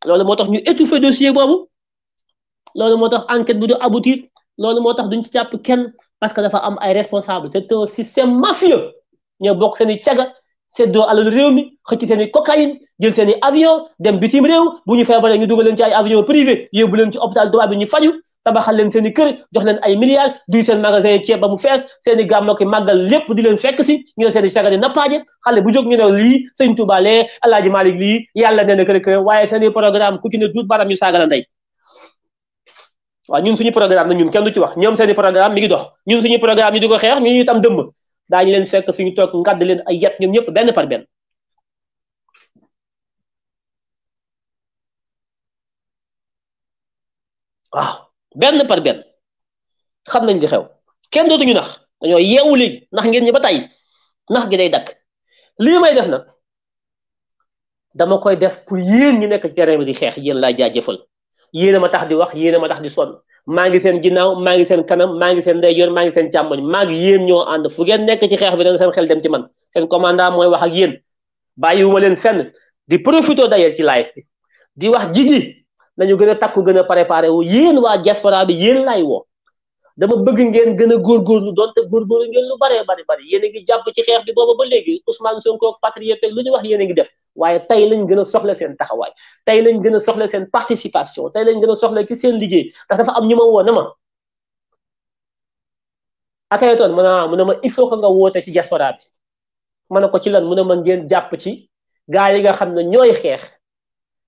loolu moo tax ñu étouffer dossier boobu loolu moo tax enquête bi du aboutir loolu moo tax duñ ci jàpp kenn. parce que dafa am ay responsable c'est un système mafieux ñoo bokk seen i caga seddoo alal réew mi xëcc seen i cocaïne jël seen i avion dem bitim réew bu ñu feebaree ñu dugal leen ci ay avion privé yóbbu leen ci hôpital tubaab bi ñu faju tabaxal leen seen i kër jox leen ay milliards duy seen magasin yi ceeb ba fees seen i gàmmoo ki màggal lépp di leen fekk si ñu ne seen i caga di nappaaje xale bu jóg ñu ne lii sëñ Touba lee Alaaji Malick lii yàlla nee kër kër waaye waaw ñun suñu programme nag ñun kenn du ci wax ñoom seeni programme mi ngi dox ñun suñu programme ñu di ko xeex ñu itam dëmm ñu leen fekk fi ñu toog ngàdd leen ay yet ñoom ñëpp benn par benn waaw xam nañ li xew kenn dootuñu nax dañoo yeewu léegi nax ngeen ñi ba tey nax gi day dakk lii may def nag dama koy def pour yéen ñi nekk terrain bi di xeex yéen laa jaajëfal yéen ma tax di wax yéen ma tax di son maa ngi seen ginnaaw maa ngi seen kanam maa ngi seen ndeyjoor maa ngi seen càmmoñ maa ngi yéen ñoo ànd fu ngeen nekk ci xeex bi dana seen xel dem ci man seen commandant mooy wax ak yéen bàyyiwuma leen fenn di profito d'ailleurs ci live bi di wax jiji nañu gën a takku gën a préparé wu yéen waa diaspora bi yéen laay woo dama bëgg ngeen gën a góorgóorlu doonte góorgóorlu ngeen lu bare bare bare yéen a ngi jàpp ci xeex bi booba ba léegi Ousmane Sonko patriote lu ñu wax yéen a ngi def waaye tey lañ gën a soxla seen taxawaay tey lañ gën a soxla seen participation tey lañ gën a soxla ki seen liggéey ndax dafa am ñu ma woon na ma akayitoon ah, mu ne mu ma il faut que nga woote ci diaspora bi ma ne ko ci lan mu ne ma ngeen jàpp ci gaa yi nga xam ne ñooy xeex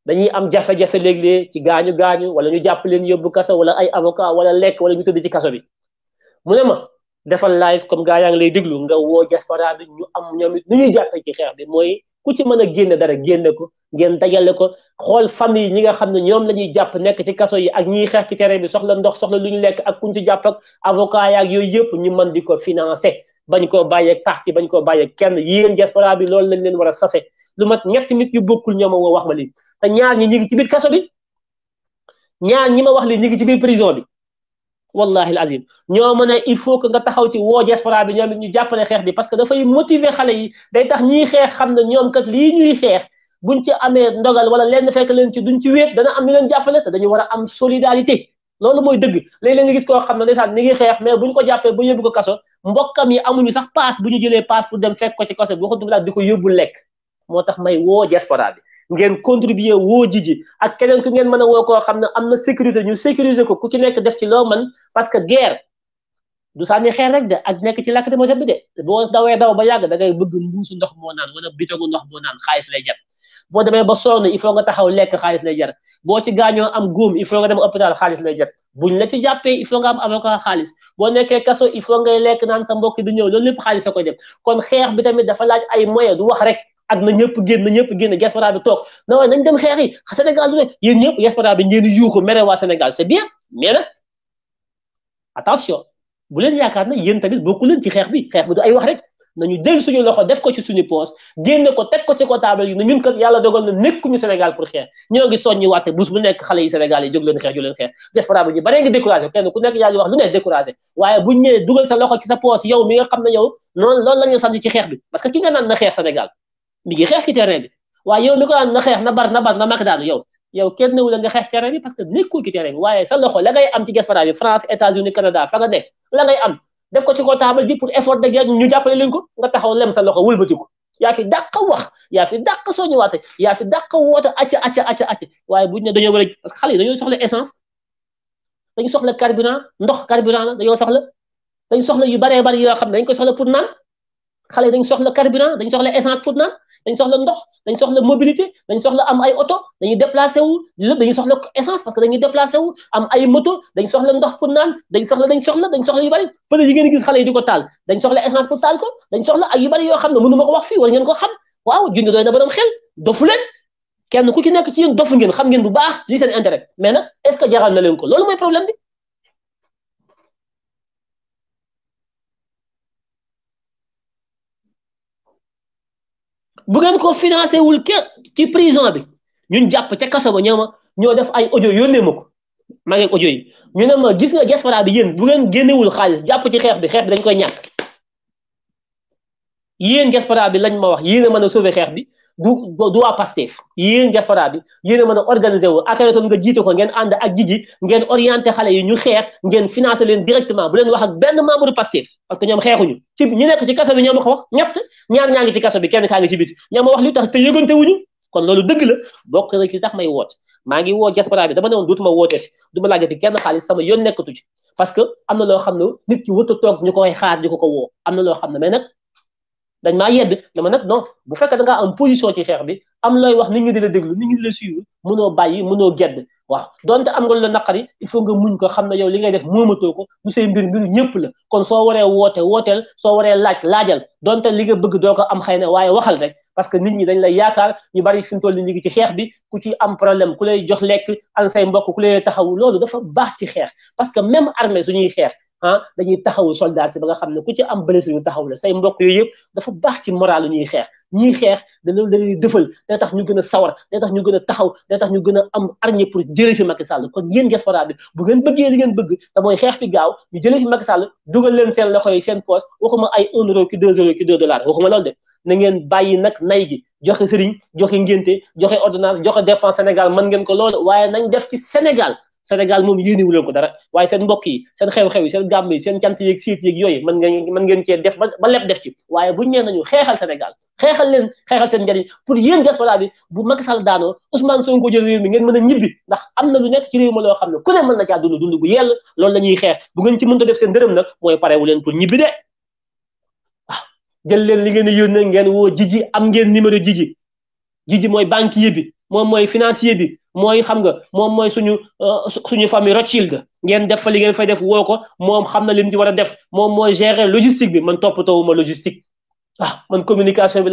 dañuy am jafe-jafe ci gaañu gaañu wala ñu jàpp leen yóbbu kaso wala ay avocat wala lekk wala ñu tëdd ci kaso bi mu ne ma defal live comme gaa yaa ngi lay déglu nga woo diaspora ñu am ñoom nu ñuy jàppee ci xeex bi mooy ku ci mën a génne dara génne ko ngeen dajale ko xool famille ñi nga xam ne ñoom la ñuy jàpp nekk ci kaso yi ak ñiy xeex ci terrain bi soxla ndox soxla lu ñu lekk ak kuñ ci jàpp ak avocat yaak yooyu yëpp ñu mën di ko financer bañ koo bàyyeeg parti bañ koo bàyyeeg kenn yéen diaspora bi loolu lañ leen war a sase lu mat ñetti nit yu bokkul ñoom moo wax ma lii te ñaar ñi ñu ngi ci biir kaso bi ñaar ñi ma wax lii ñu ngi ci biir prison bi wallahi azim ñoo mën a il faut que nga taxaw ci woo diaspora bi ñoom it ñu jàppale xeex bi parce que dafay motiver xale yi day tax ñiy xeex xam ne ñoom kat lii ñuy xeex buñ ci amee ndogal wala lenn fekk leen ci duñ ci wéet dana am ñu leen jàppale te dañu war a am solidarité loolu mooy dëgg léeg-léeg nga gis koo xam ne ndeysaan mi ngi xeex mais buñ ko jàppee bu yóbbu ko kaso mbokkam yi amuñu sax paas bu ñu jëlee paas pour dem fekk ko ci kaso bi waxatu laa di ko yóbbu lekk moo tax may woo diaspora bi ngeen contribuer woo jiji ak keneen ku ngeen mën a woo koo xam ne am na sécurité ñu sécuriser ko ku ci nekk def ci loo mën parce que guerre du sànni xeer rek de ak nekk ci lakk de mosam bi de boo dawee daw ba yàgg da ngay bëgg mbuusu ndox moo naan wala bitogu ndox moo naan xaalis lay jar boo demee ba sonn il faut nga taxaw lekk xaalis lay jar boo ci gaañoo am góom il faut nga dem hôpital xaalis lay jar buñ la ci jàppee il faut nga am avocat xaalis boo nekkee kaso il faut ngay lekk naan sa mbokk du ñëw loolu lépp xaalis a koy def kon xeex bi tamit dafa laaj ay moyens du wax rek ak na ñëpp génn na ñëpp génn diaspora bi toog na waaye nañ dem xeex yi Sénégal du ñëpp diaspora ngeen yuuxu mere waa Sénégal mais nag attention bu leen yaakaar ne yéen tamit bokku leen ci wax rek nañu jël suñu loxo Sénégal yi Sénégal xeex jóg leen ngi découragé ku nekk yaa wax lu nekk découragé waaye buñ ñëwee dugal sa loxo ci sa poos yow mi nga xam ne yow noonu loolu la ci xeex bi parce que ki nga naan na xeex Sénégal mi ngi xeex ci terrain bi waaye yow mi ko daan na xeex na bar na bar na mag daanu yow yow kenn wu la nga xeex terrain bi parce que nekkul ci terrain bi waaye sa loxo la ngay am ci gaspara bi France États-Unis Canada fa nga nekk la ngay am def ko ci ko taabal ji pour effort de guerre ñu jàppale leen ko nga taxaw lem sa loxo wëlbati ko yaa fi dàq wax yaa fi dàq soo ñëwaate yaa fi dàq woote acca acca acca acca waaye buñ ne dañoo war a parce que xale yi dañoo soxla essence dañu soxla carburant ndox carburant la dañoo soxla dañu soxla yu baree bari yoo xam ne dañ koy soxla pour naan xale yi dañu soxla carburant dañu soxla essence pour naan dañ soxla ndox dañ soxla mobilité dañ soxla am ay oto dañuy déplacé wu lépp dañuy soxla essence parce que dañuy déplacé wu am ay moto dañ soxla ndox pour naan dañ soxla dañ soxla dañ soxla yu bari pële yi ngeen xale yi di ko taal dañ soxla essence pour yoo xam ne mënu ma ko wax fii war ngeen ko xam waaw junni doy na borom xel dofu leen kenn ku ci nekk ci yéen xam ngeen bu baax lii seen intérêt mais nag est ce problème bi bu ngeen ko financé wul ke ci prison bi ñun jàpp ca kaso ba ñoo ma ñoo def ay audio yónnee ma ko maa ngi audio yi ñu ne ma gis nga diaspora bi yéen bu ngeen génnewul xaalis jàpp ci xeex bi xeex bi dañ koy ñàkk yéen diaspora bi lañ ma wax yéen a mën a sauver xeex bi du du waa Pastef yéen diaspora bi yéen a mën a organiser wu Akhenaton nga jiite ko ngeen ànd ak Jiji ngeen orienté xale yi ñu xeex ngeen financé leen directement bu leen wax ak benn membre Pastef parce que ñoom xeexuñu ci ñu nekk ci kaso bi ñoo ma ko wax ñett ñaar ñaa ngi ci kaso bi kenn kaa ngi ci biti ñoo ma wax li tax te yëgante wuñu kon loolu dëgg la bokk na ci tax may woot maa ngi woo diaspora bi dama ne woon duutuma wootee du ma laajati kenn xaalis sama yoon nekkatu ci parce que am na loo xam ne nit ki wut a toog ñu koy xaar ñu ko ko woo am na loo xam ne mais nag dañ maa yedd dama nag non bu fekkee da ngaa am position ci xeex bi am looy wax nit ñi di la déglu nit ñi di la suivre mënoo bàyyi mënoo gedd waaw donte am nga lu la naqari il faut nga muñ ko xam na yow li ngay def moomatoo ko du say mbir mbiru ñëpp la kon soo waree woote wooteel soo waree laaj laajal donte li nga bëgg doo ko am xay na waaye waxal rek parce que nit ñi dañ lay yaakaar ñu bari fi mu toll ni ñu ngi ci xeex bi ku ci am problème ku lay jox lekk an say mbokk taxawu loolu dafa baax ci xeex parce que même armée suñuy xeex ah dañuy taxaw soldat si ba nga xam ne ku ci am blessé ñu taxaw la say mbokk yooyu yëpp dafa baax ci moral ñuy xeex ñuy xeex da loolu dañuy dëfal day tax ñu gën a sawar day tax ñu gën a taxaw day tax ñu gën a am arñe pour jëlee fi Macky Sall kon ngeen diaspora bi bu ngeen bëggee li ngeen bëgg te xeex bi gaaw ñu jëlee fi Macky Sall dugal leen seen loxo yi seen poche waxuma ay un euro ki deux euro deux dollars waxuma loolu de na ngeen bàyyi nag nay gi joxe sëriñ joxe ngénte joxe ordonnance joxe dépense Sénégal mën ngeen ko loolu waaye nañ def ci Sénégal Sénégal moom yéenewu leen ko dara waaye seen mbokk yi seen xew-xew yi seen gàmm yi seen cant yeeg siit yeeg yooyu mën ngeen mën ngeen cee def ba lépp def ci waaye buñ nee nañu xeexal Sénégal xeexal leen xeexal seen njariñ pour yéen diaspora bi bu Macky Sall daanoo Ousmane ko jël réew mi ngeen mën a ñibbi ndax am na lu nekk ci réew ne ku ne mën na dund dund gu yell loolu la ñuy xeex bu ngeen ci mënta def seen dërëm na mooy parewu leen pour ñibbi de waaw ah, jël leen li ngeen di yónnee ngeen woo jiji am ngeen numéro jiji jiji mooy banquier bi moom mooy financier bi Moi, xam nga moom famille Rothschild def fa li fay def woo ko xam na lim war def gérer logistique bi man logistique ah communication bi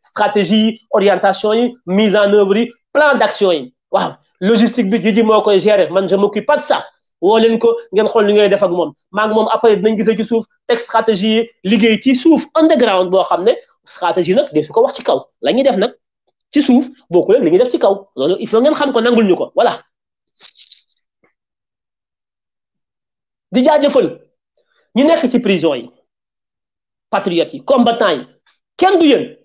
stratégie orientation mise en œuvre plan d'action logistique bi m'occupe pas de ça ko def après ci stratégie underground boo xam stratégie nag ko wax ci la def ci suuf bokkul ak li ñuy def ci kaw loolu il faut ngeen xam ko nangul ñu ko voilà di jaajëfal ñu nekk ci prison yi patriotes yi combattants yi kenn du yéen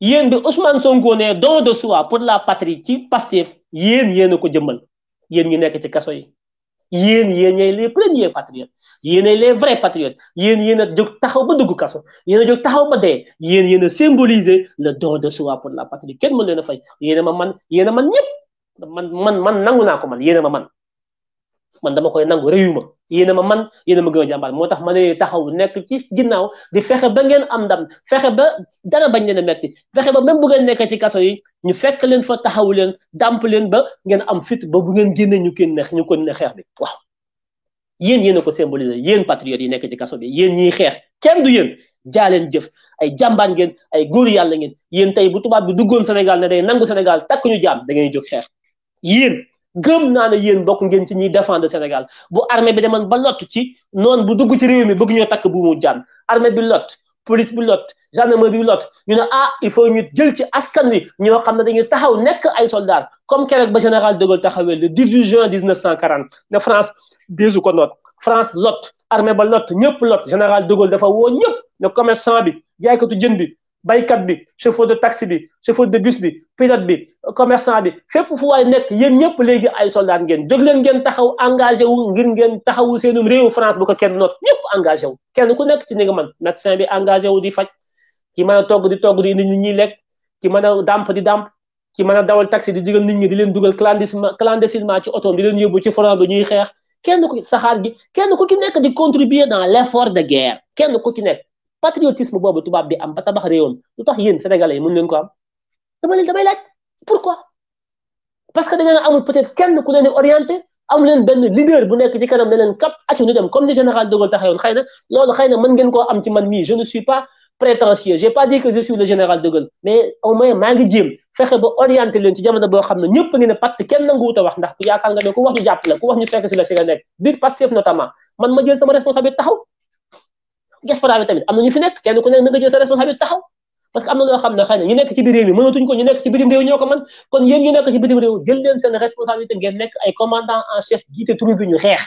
yéen bi Ousmane Sonko ne don de soi pour la patrie ci Pastef yéen yéen a ko jëmmal yéen ñu nekk ci kaso yi yéen yéenay les premiers patriotes yéenay les vrais patriotes yéen yéen a jóg taxaw ba dugg kaso yéen a jóg taxaw ba dee yéen yéen a symboliser le don de soi pour la patrie kenn mën leen a fay yéen a ma man yéen a man ñëpp man man man nangu naa ko man yéen a ma man man dama koy nangu réew ma yéen a ma man yéen ma gën a jàmbaar moo tax ma ne taxaw nekk ci ginnaaw di fexe ba ngeen am dam fexe ba dara bañ leen na metti fexe ba même bu ngeen nekkee ci kaso yi ñu fekk leen fa taxaw leen dàmp leen ba ngeen am fit ba bu ngeen génnee ñu kenn neex ñu ko ne xeex bi waaw yéen yéen a ko symboliser yéen patriotes yi nekk ci kaso bi yéen ñiy xeex kenn du yéen jaaleen jëf ay jàmbaan ngeen ay góor yàlla ngeen yéen tey bu tubaab bi duggoon Sénégal ne day nangu Sénégal takk ñu jaam da ngeen jóg gëm naa ne yéen bokku ngeen ci ñuy défendre Sénégal bu armée bi demoon ba lot ci noonu bu dugg ci réew mi bëgg ñoo takk bu mu jàmm armée bi lot police bi lot gendarmerie bi lot ñu ne ah il faut ñu jël ci askan wi ñoo xam ne dañuy taxaw nekk ay soldats comme keroog ba général de Gaulle taxawee le 18 juin 1940 ne France bisu ko noot France lot armée ba lot ñëpp lot général de Gaulle dafa woo ñëpp ne commerçant bi jaaykatu jën bi baykat bi chauffeur de taxi bi chauffeur de bus bi pilote bi commerçant bi fépp fu nekk yéen ñëpp léegi ay soldat ngeen jóg leen ngeen taxaw engagé wu ngir ngeen taxawu seenum réewu France bu ko kenn noot ñëpp engagé wu kenn ku nekk ci ni nga mën médecin bi engagé wu di faj ki mën a togg di togg di nit ñi ñuy lekk ki mën a dàmp di dàmp ki mën a dawal taxi di digal nit ñi di leen dugal clandestinement ci oto di leen yóbbu ci front bi ñuy xeex kenn ku saxaar gi kenn ku ci nekk di dans l'effort de guerre kenn ku ci nekk patriotisme boobu tubaab bi am ba tabax réewam lu tax yéen sénégalais yi mën leen ko am dama leen damay laaj pourquoi parce que da ngeen peut-être kenn ku leen orienté amul leen benn leader bu nekk ci kanam ne leen cap acu ñu dem comme ni général de Gaulle taxawoon xëy na loolu xëy na mën ngeen am ci man mii je ne suis pas prétentieux j'ai pas dit que je suis le général de Gaulle mais au moins maa ngi jéem fexe ba orienté leen ci jamono boo xam ne ñëpp ngi a taxaw diaspora bi tamit am na ñu fi nekk kenn ku nekk na nga jël sa responsabilité taxaw parce que am na loo xam ne xëy na ñu nekk ci biir réew mi mënatuñ ko ñu nekk ci bitim réew ñoo ko man kon yéen ñu nekk ci bitim réew jël leen seen responsabilité ngeen nekk ay commandant en chef jiite troupe bi ñu xeex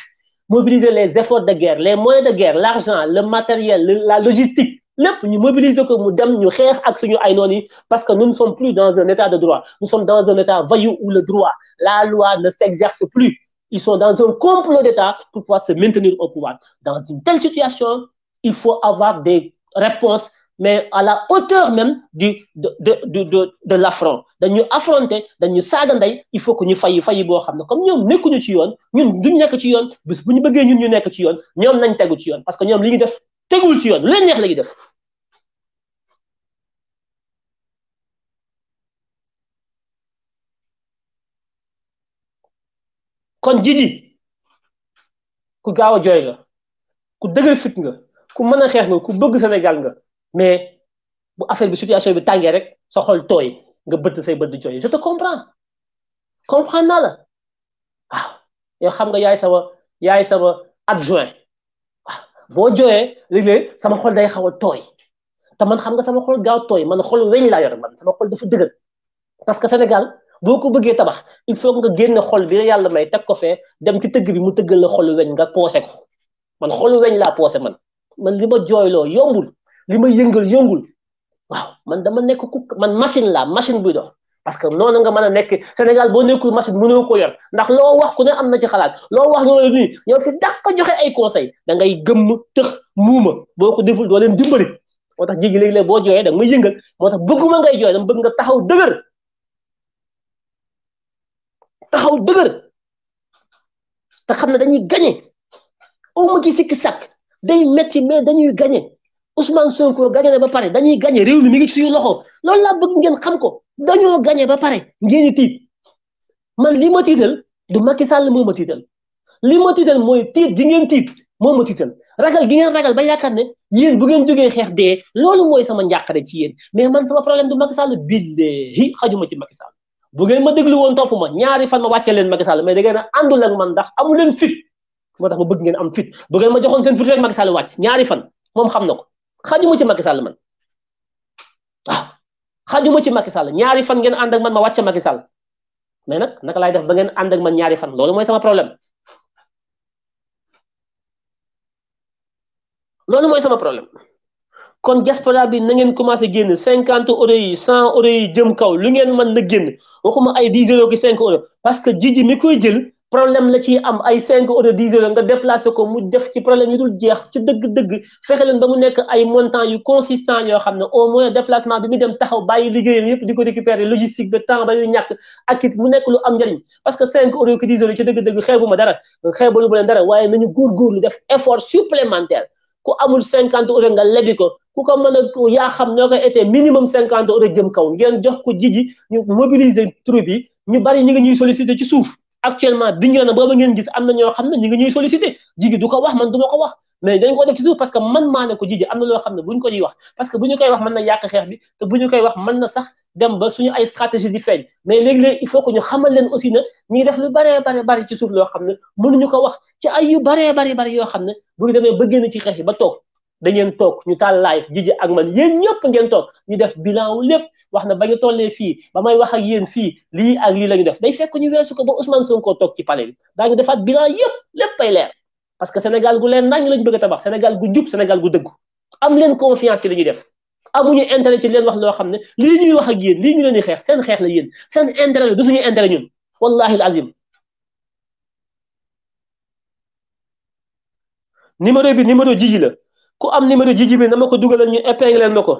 mobiliser les efforts de guerre les moyens de guerre l'argent le matériel la logistique lépp ñu mobiliser ko mu dem ñu xeex ak suñu ay parce que nous ne sommes plus dans un état de droit nous sommes dans un état vaillou où le droit la loi ne s'exerce plus ils sont dans un complot d'état pour pouvoir se maintenir au pouvoir dans une telle situation il faut avoir des réponses, mais à la hauteur même du, de, de, de, de, de l'affront. dañu affronter dañu saaga ndey il faut que ñu fay fay boo xam comme ñoom nekkuñu ci yoon ñun duñ nekk ci yoon bis bu ñu bëggee ñun ñu nekk ci yoon ñoom nañ tegu ci yoon parce que ñoom li ñu def tegul ci yoon lu leen neex la def kon jiji ku gaaw a jooy nga ku dëgër fit nga ku mën a xeex nga ku bëgg Sénégal nga mais bu affaire bi situation bi tàngee rek sa xol tooy nga bëtt say bët jooy je te comprends comprendre naa la waaw xam nga yaay sama yaay sama adjoint waaw boo jooyee léeg sama xol day xaw a tooy te man xam nga sama xol gaaw tooy man xol weñ laa yor man sama xol dafa dëgër parce que Sénégal boo ko bëggee tabax il faut nga génne xol bi la yàlla may teg ko fee dem ki tëgg bi mu tëggal la xol weñ nga poosé ko man xolu weñ laa poosé man man lima joy lo yombul lima yengal yombul waaw man dama nek ku man machine la machine buy dox parce que noonu nga mën nek senegal bo boo nekkul machine mënoo ko yor ndax lo wax ku ne amna ci xalaat lo wax loolu ni ñoo fi dàq joxe ay conseil da ngay gëmm tëx muuma boko deful do len dimbali motax jigi leg leg bo joye da yengal motax ngay da bëgg nga taxaw deugër taxaw deugër ta dañuy ci sik sak day metti mais dañuy gagné Ousmane Sonko gagné na ba pare dañuy gagné réew mi mi ngi ci loxo loolu laa bëgg ngeen xam ko dañoo gagné ba pare ngeen tiit man li ma tiital du Macky Sall moo ma tiital li ma tiital mooy tiit gi ngeen tiit moo ma tiital ragal gi ngeen ragal ba yaakaar ne yéen bu ngeen jógee xeex dee loolu mooy sama njàqare ci yéen mais man sama problème du Macky Sall billahi xajuma ci Macky Sall bu ngeen ma déglu woon topp ma ñaari fan ma wàccee leen Sall mais da ngeen a àndul ak man ndax amu leen fit. moo tax ma bëgg ngeen am fit bu ngeen ma joxoon seen fit rek Macky Sall wàcc ñaari fan moom xam na ko xajuma ci Macky Sall man waaw xajuma ci Macky Sall ñaari fan ngeen ànd ak man ma wàcc Macky Sall mais nag naka lay def ba ngeen ànd ak man ñaari fan loolu mooy sama problème loolu mooy sama problème kon diaspora bi na ngeen commencé génn cinquante euros yi cent euros yi jëm kaw lu ngeen man na génn waxuma ay dix euros ki cinq euros parce que jiji mi koy jël problème la ci am ay 5 de euros, nga déplacer ko mu def ci problème yi dul jeex ci deug deug ba ay montant yu consistant au moins déplacement bi dem taxaw récupérer logistique de temps ak parce que cinq euros, ki diesel ci effort supplémentaire amul 50 euros nga lebi ko ko minimum 50 euros jëm kaw jox ko jiji mobiliser ñu bari solliciter ci actuellement Bignona booba ngeen gis am na ñoo xam ne ñu ngi ñuy sollicité jigi du ko wax man du ma ko mais dañ ko def ci suuf parce que man maa ne ko jiji am na loo xam ne buñ ko ñuy wax parce que bu ñu ko wax mën na yàq xeex bi te bu ñu ko wax man na sax dem ba suñu ay stratégie di feeñ mais léegi-léegi il faut que ñu xamal leen aussi na ñuy def lu baree bare bari ci suuf loo xam ne mënuñu ko wax ci ay yu baree bari bari yoo xam ne bu demee ba ci xeex yi ba toog da ngeen toog ñu taal live Jiji ak man yéen ñëpp ngeen toog ñu def bilan wu lépp wax na ba ñu tollee fii ba may wax ak yéen fii lii ak lii la ñu def day fekk ñu weesu ko ba Ousmane Sonko toog ci palais bi daañu defaat bilan yëpp léppay leer parce que Sénégal gu leen nañ lañ bëgg a tabax Sénégal gu jub Sénégal gu dëggu am leen confiance ci li ñuy def ñu intérêt ci leen wax loo xam ne lii ñuy wax ak yéen lii ñu leen di xeex seen xeex la yéen seen intérêt la du suñu intérêt ñun wallahi alazim numéro bi numéro Jiji la ku am numéro Jiji bi na ma ko dugalal ñu épinglé ma ko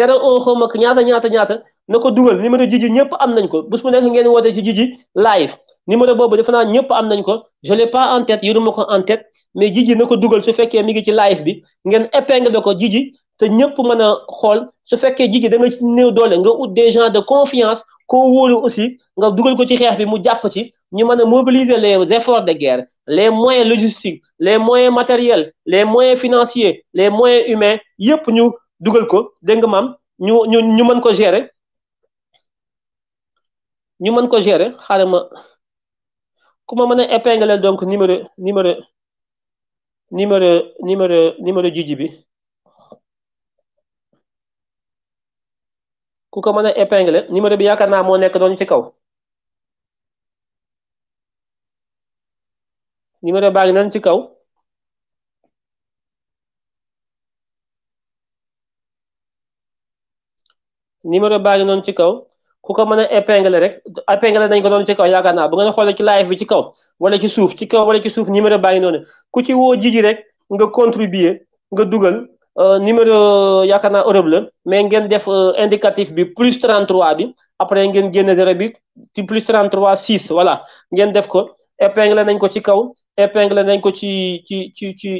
01 xaw ma ñaata ñaata ñaata na ko dugal numéro Jiji ñëpp am nañ ko bés bu nekk ngeen woote ci Jiji live numéro boobu defe naa ñëpp am nañ ko je l'ai pas en tête yoruma ko en tête mais Jiji na ko dugal su fekkee mi ngi ci live bi ngeen épinglé ko Jiji te ñëpp mën a xool su fekkee Jiji da nga ci néew doole nga ut des gens de confiance koo wóolu aussi nga dugal ko ci xeex bi mu jàpp ci. ñu mën a mobiliser les efforts de guerre les moyens logistiques les moyens matériels les moyens financier les moyens humains yëpp ñu dugal ko dégg nga maam ñu ñu mën ko gérer ñu mën ko gérer xaaral ma ku ma mën a épingler donc numéro numéro numéro numéro numéro jiji bi ku ko mën a épingler numéro bi na naa moo nekk doon ci kaw. numéro baa ngi ci kaw numéro baa ngi noonu ci kaw ku ko mën a épingler rek épingler nañ ko noonu ci kaw yaakaar naa bu ngeen xoolee ci live bi ci kaw wala ci suuf ci kaw ci suuf numéro baa ngi noonu ku ci woo Djidji rek nga contribuer nga dugal euh, numéro yaakaar naa Europe mais ngeen def euh, indicatif bi plus 33 bi après ngeen génne zéro bi ci plus 33 6 voilà ngeen def ko épingle nañ ko ci kaw épingle nañ ko ci ci ci ci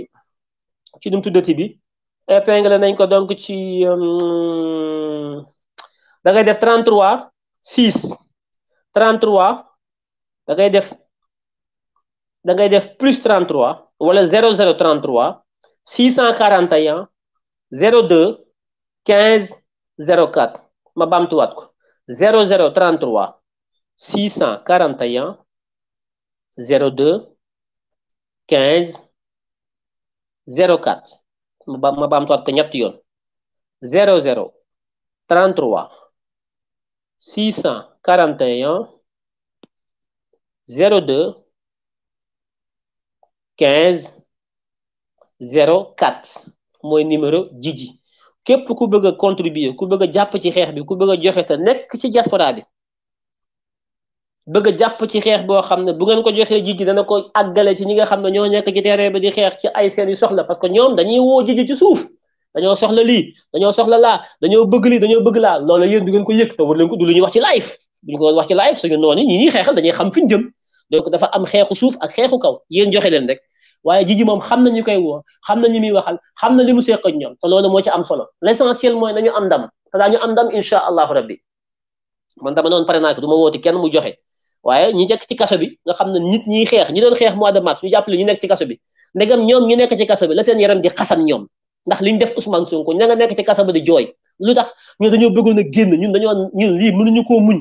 ci num tuddati bi épingle nañ ko donc ci euh, da ngay def 33 6 33 da ngay def da ngay def plus 33 wala 0033 641 02 15 04 ma bamtuwaat ko 0033 641 02 quinze zéro quatre ma ma baamtuwaat ko ñetti yoon zéro zéro trente trois six cent quarante et un zéro deux quinze zéro quatre mooy numéro Djidji képp ku bëgg contribuer ku bëgg a jàpp ci xeex bi ku bëgg a joxe te nekk ci diaspora bi. bëgg jàpp ci xeex boo xam ne bu ngeen ko joxee jiji dana ko àggale ci ñi nga xam ne ñoo nekk ci terrain bi di xeex ci ay seen seeni soxla parce que ñoom dañuy woo jiji ci suuf dañoo soxla lii dañoo soxla laa dañoo bëgg lii dañoo bëgg laa loolu yéen du ngeen ko yëg te war leen ko du lu ñuy wax ci live bu ñu ko wax ci live suñu noonu ñi ñuy xeexal dañuy xam fi ñu jëm donc dafa am xeexu suuf ak xeexu kaw yéen joxe leen rek waaye jiji moom xam na ñu koy woo xam na ñu muy waxal xam na li mu seq ak ñoom te loolu moo ci am solo l'essentiel mooy nañu am ndam te ñu am ndam insha allahu rabbi man dama noonu pare naa ko du ma wooti kenn mu joxe waaye ñi jekk ci kaso bi nga xam ne ñi ñu jàppale ci kaso bi ndegam ñoom ñu nekk ci kaso bi la seen yaram di xasan ñoom ndax liñ def Ousmane Sonko ña nga nekk ci kaso bi di jooy lu tax ñu dañoo bëggoon a génn ñun dañoo ñun lii mënuñu muñ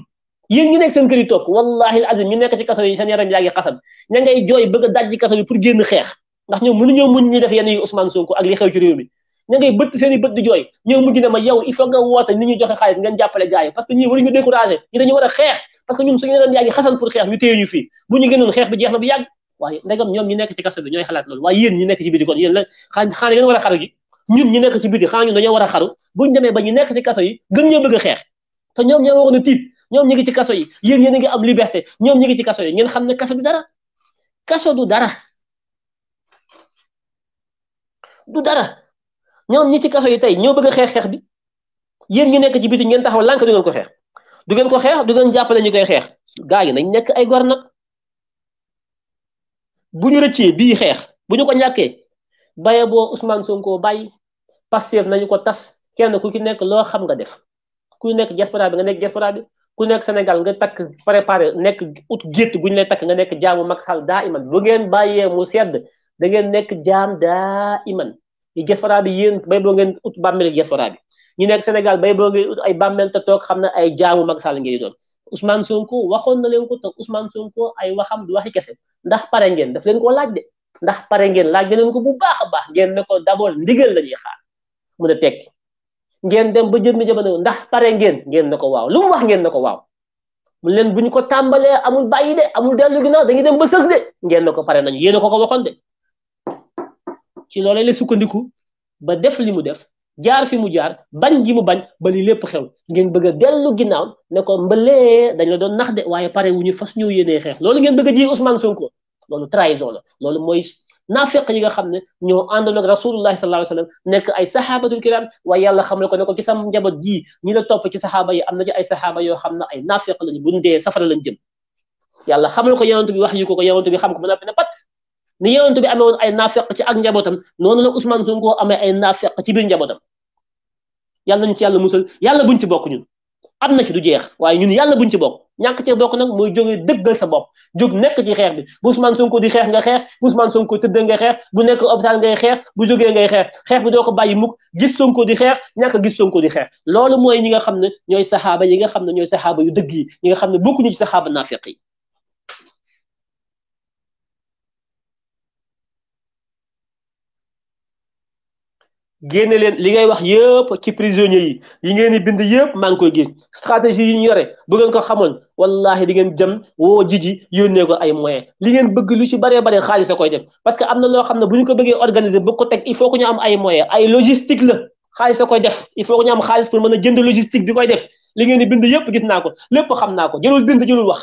yéen ñu nekk seen kër toog wallahi azim ñu nekk ci kaso yi seen yaram yaa ngi xasan ña jooy bëgg a daj ci kaso bi pour génn xeex ndax ñoom mënuñoo muñ ñu def yenn yi Ousmane ak li xew ci réew mi ña ngay bëtt bët di jooy ñëw mujj ne ma yow il faut nga woote ni ñu joxe xaalis ngeen jàppale a xeex parce que ñun suñu doon yàgg xasan pour xeex ñu téye ñu fii bu ñu génnoon xeex bi jeex na bu yàgg waaye ndegam ñoom ñi nekk ci kaso bi ñooy xalaat loolu waaye yéen ñi nekk ci a xaru ji ñun ñi nekk ci biti xaa ñun dañoo war a ñu nekk ci kaso yi gën ñoo bëgg a xeex ñoo waroon a tiit ñoom ñi a xam ne kaso du dara kaso du dara du dara ñoom ñi ci kaso yi tey ñoo bëgg a xeex xeex bi yéen ñi nekk ci biti ngeen taxaw lànk du ngeen ko xeex du gën ko xeex du gën jàppale ñu koy xeex gaa yi nañ nekk ay gor nag bu ñu rëccee bii xeex bu ñu ko ñàkkee baye boo Ousmane Sonko bàyyi Pastef nañu ko tas kenn ku ci nekk loo xam nga def ku nekk diaspora bi nga nekk diaspora bi ku nekk Sénégal nga takk préparé nekk ut gétt bu ñu lay takk nga nekk jaamu Macky Sall bu ngeen bàyyee mu sedd da ngeen nekk jaam daiman iman diaspora bi yéen bay bo ngeen ut bàmmeel diaspora bi ñu nek Sénégal bay boo ngi ay bammel ta tok xamna ay jaamu mag Sall ngey doon Ousmane Sonko waxon na len ko tok Ousmane Sonko ay waxam du waxi kesse ndax paré ngeen daf len ko laaj de ndax paré ngeen laaj len ko bu baax baax ngeen ne ko ndigal lañuy xaar mu ne tek ngeen dem ba jënd jamono ndax paré ngeen ngeen ne ko waaw lu mu wax ngeen ne waaw mu len buñ ko tambalé amul bayyi de amul dellu ginnaaw dañuy dem ba sës de ngeen ne ko nañu yéen ko ko waxon de ci lolé sukkandiku ba def li mu def jaar fi mu jaar bañ gi mu bañ ba lépp xew ngeen bëgg a dellu ginnaaw ne ko mbalee dañ la doon nax de waaye pare wu ñu fas ñëw yéenee xeex loolu ngeen bëgg a ji Ousmane Sonko loolu trahison la loolu mooy naafeq yi nga xam ne ñoo àndoon ak rasulullahi sallallahu alayhi wasallam nekk ay saxaabatul kiram waaye yàlla xam ne ko ne ko ci sam njaboot jii ñi la topp ci saxaaba yi am na ci ay saxaaba yoo xam ne ay naafeq lañu buñ dee safara lañ jëm xam xamal ko yonent bi wax yu ko ko bi xam ko mën a ni yonent bi amee woon ay nafaq ci ak njabotam nonu la Ousmane Sonko amé ay nafaq ci biir njabotam yàlla ñu ci yàlla musal yàlla buñ ci bok ñun amna ci du jeex waye ñun yàlla buñ ci bok ñàkk ci bok nak moy jóge dëggal sa bop jóg nek ci xex bi bu Ousmane Sonko di xex nga xex bu Ousmane Sonko tëdd nga xex bu nek hôpital ngay xex bu joge ngay xex xex bi doo ko bàyyi muk gis Sonko di xex ñak gis Sonko di xex lolu moy ñi nga xamne ñoy sahaba yi nga xamne ñoy sahaba yu dëgg yi ñi nga xamne bokku ñu ci sahaba naafeq génne leen li ngay wax yëpp ci prisonniers yi yi ngeen di bind yëpp maa ngi koy gis stratégie yi ñu yore bu ngeen ko xamoon wallahi di ngeen jëm woo jiji yónnee ko ay moyens li ngeen bëgg lu ci baree bare xaalis koy def parce que am na loo xam ne bu ñu ko bëggee organiser bëgg ko teg il faut que ñu am ay moyens ay logistique la xaalis a koy def il faut que ñu am xaalis pour mën a jënd logistique bi koy def li ngeen di bind yëpp gis naa ko lépp xam naa ko jëlul bind jëlul wax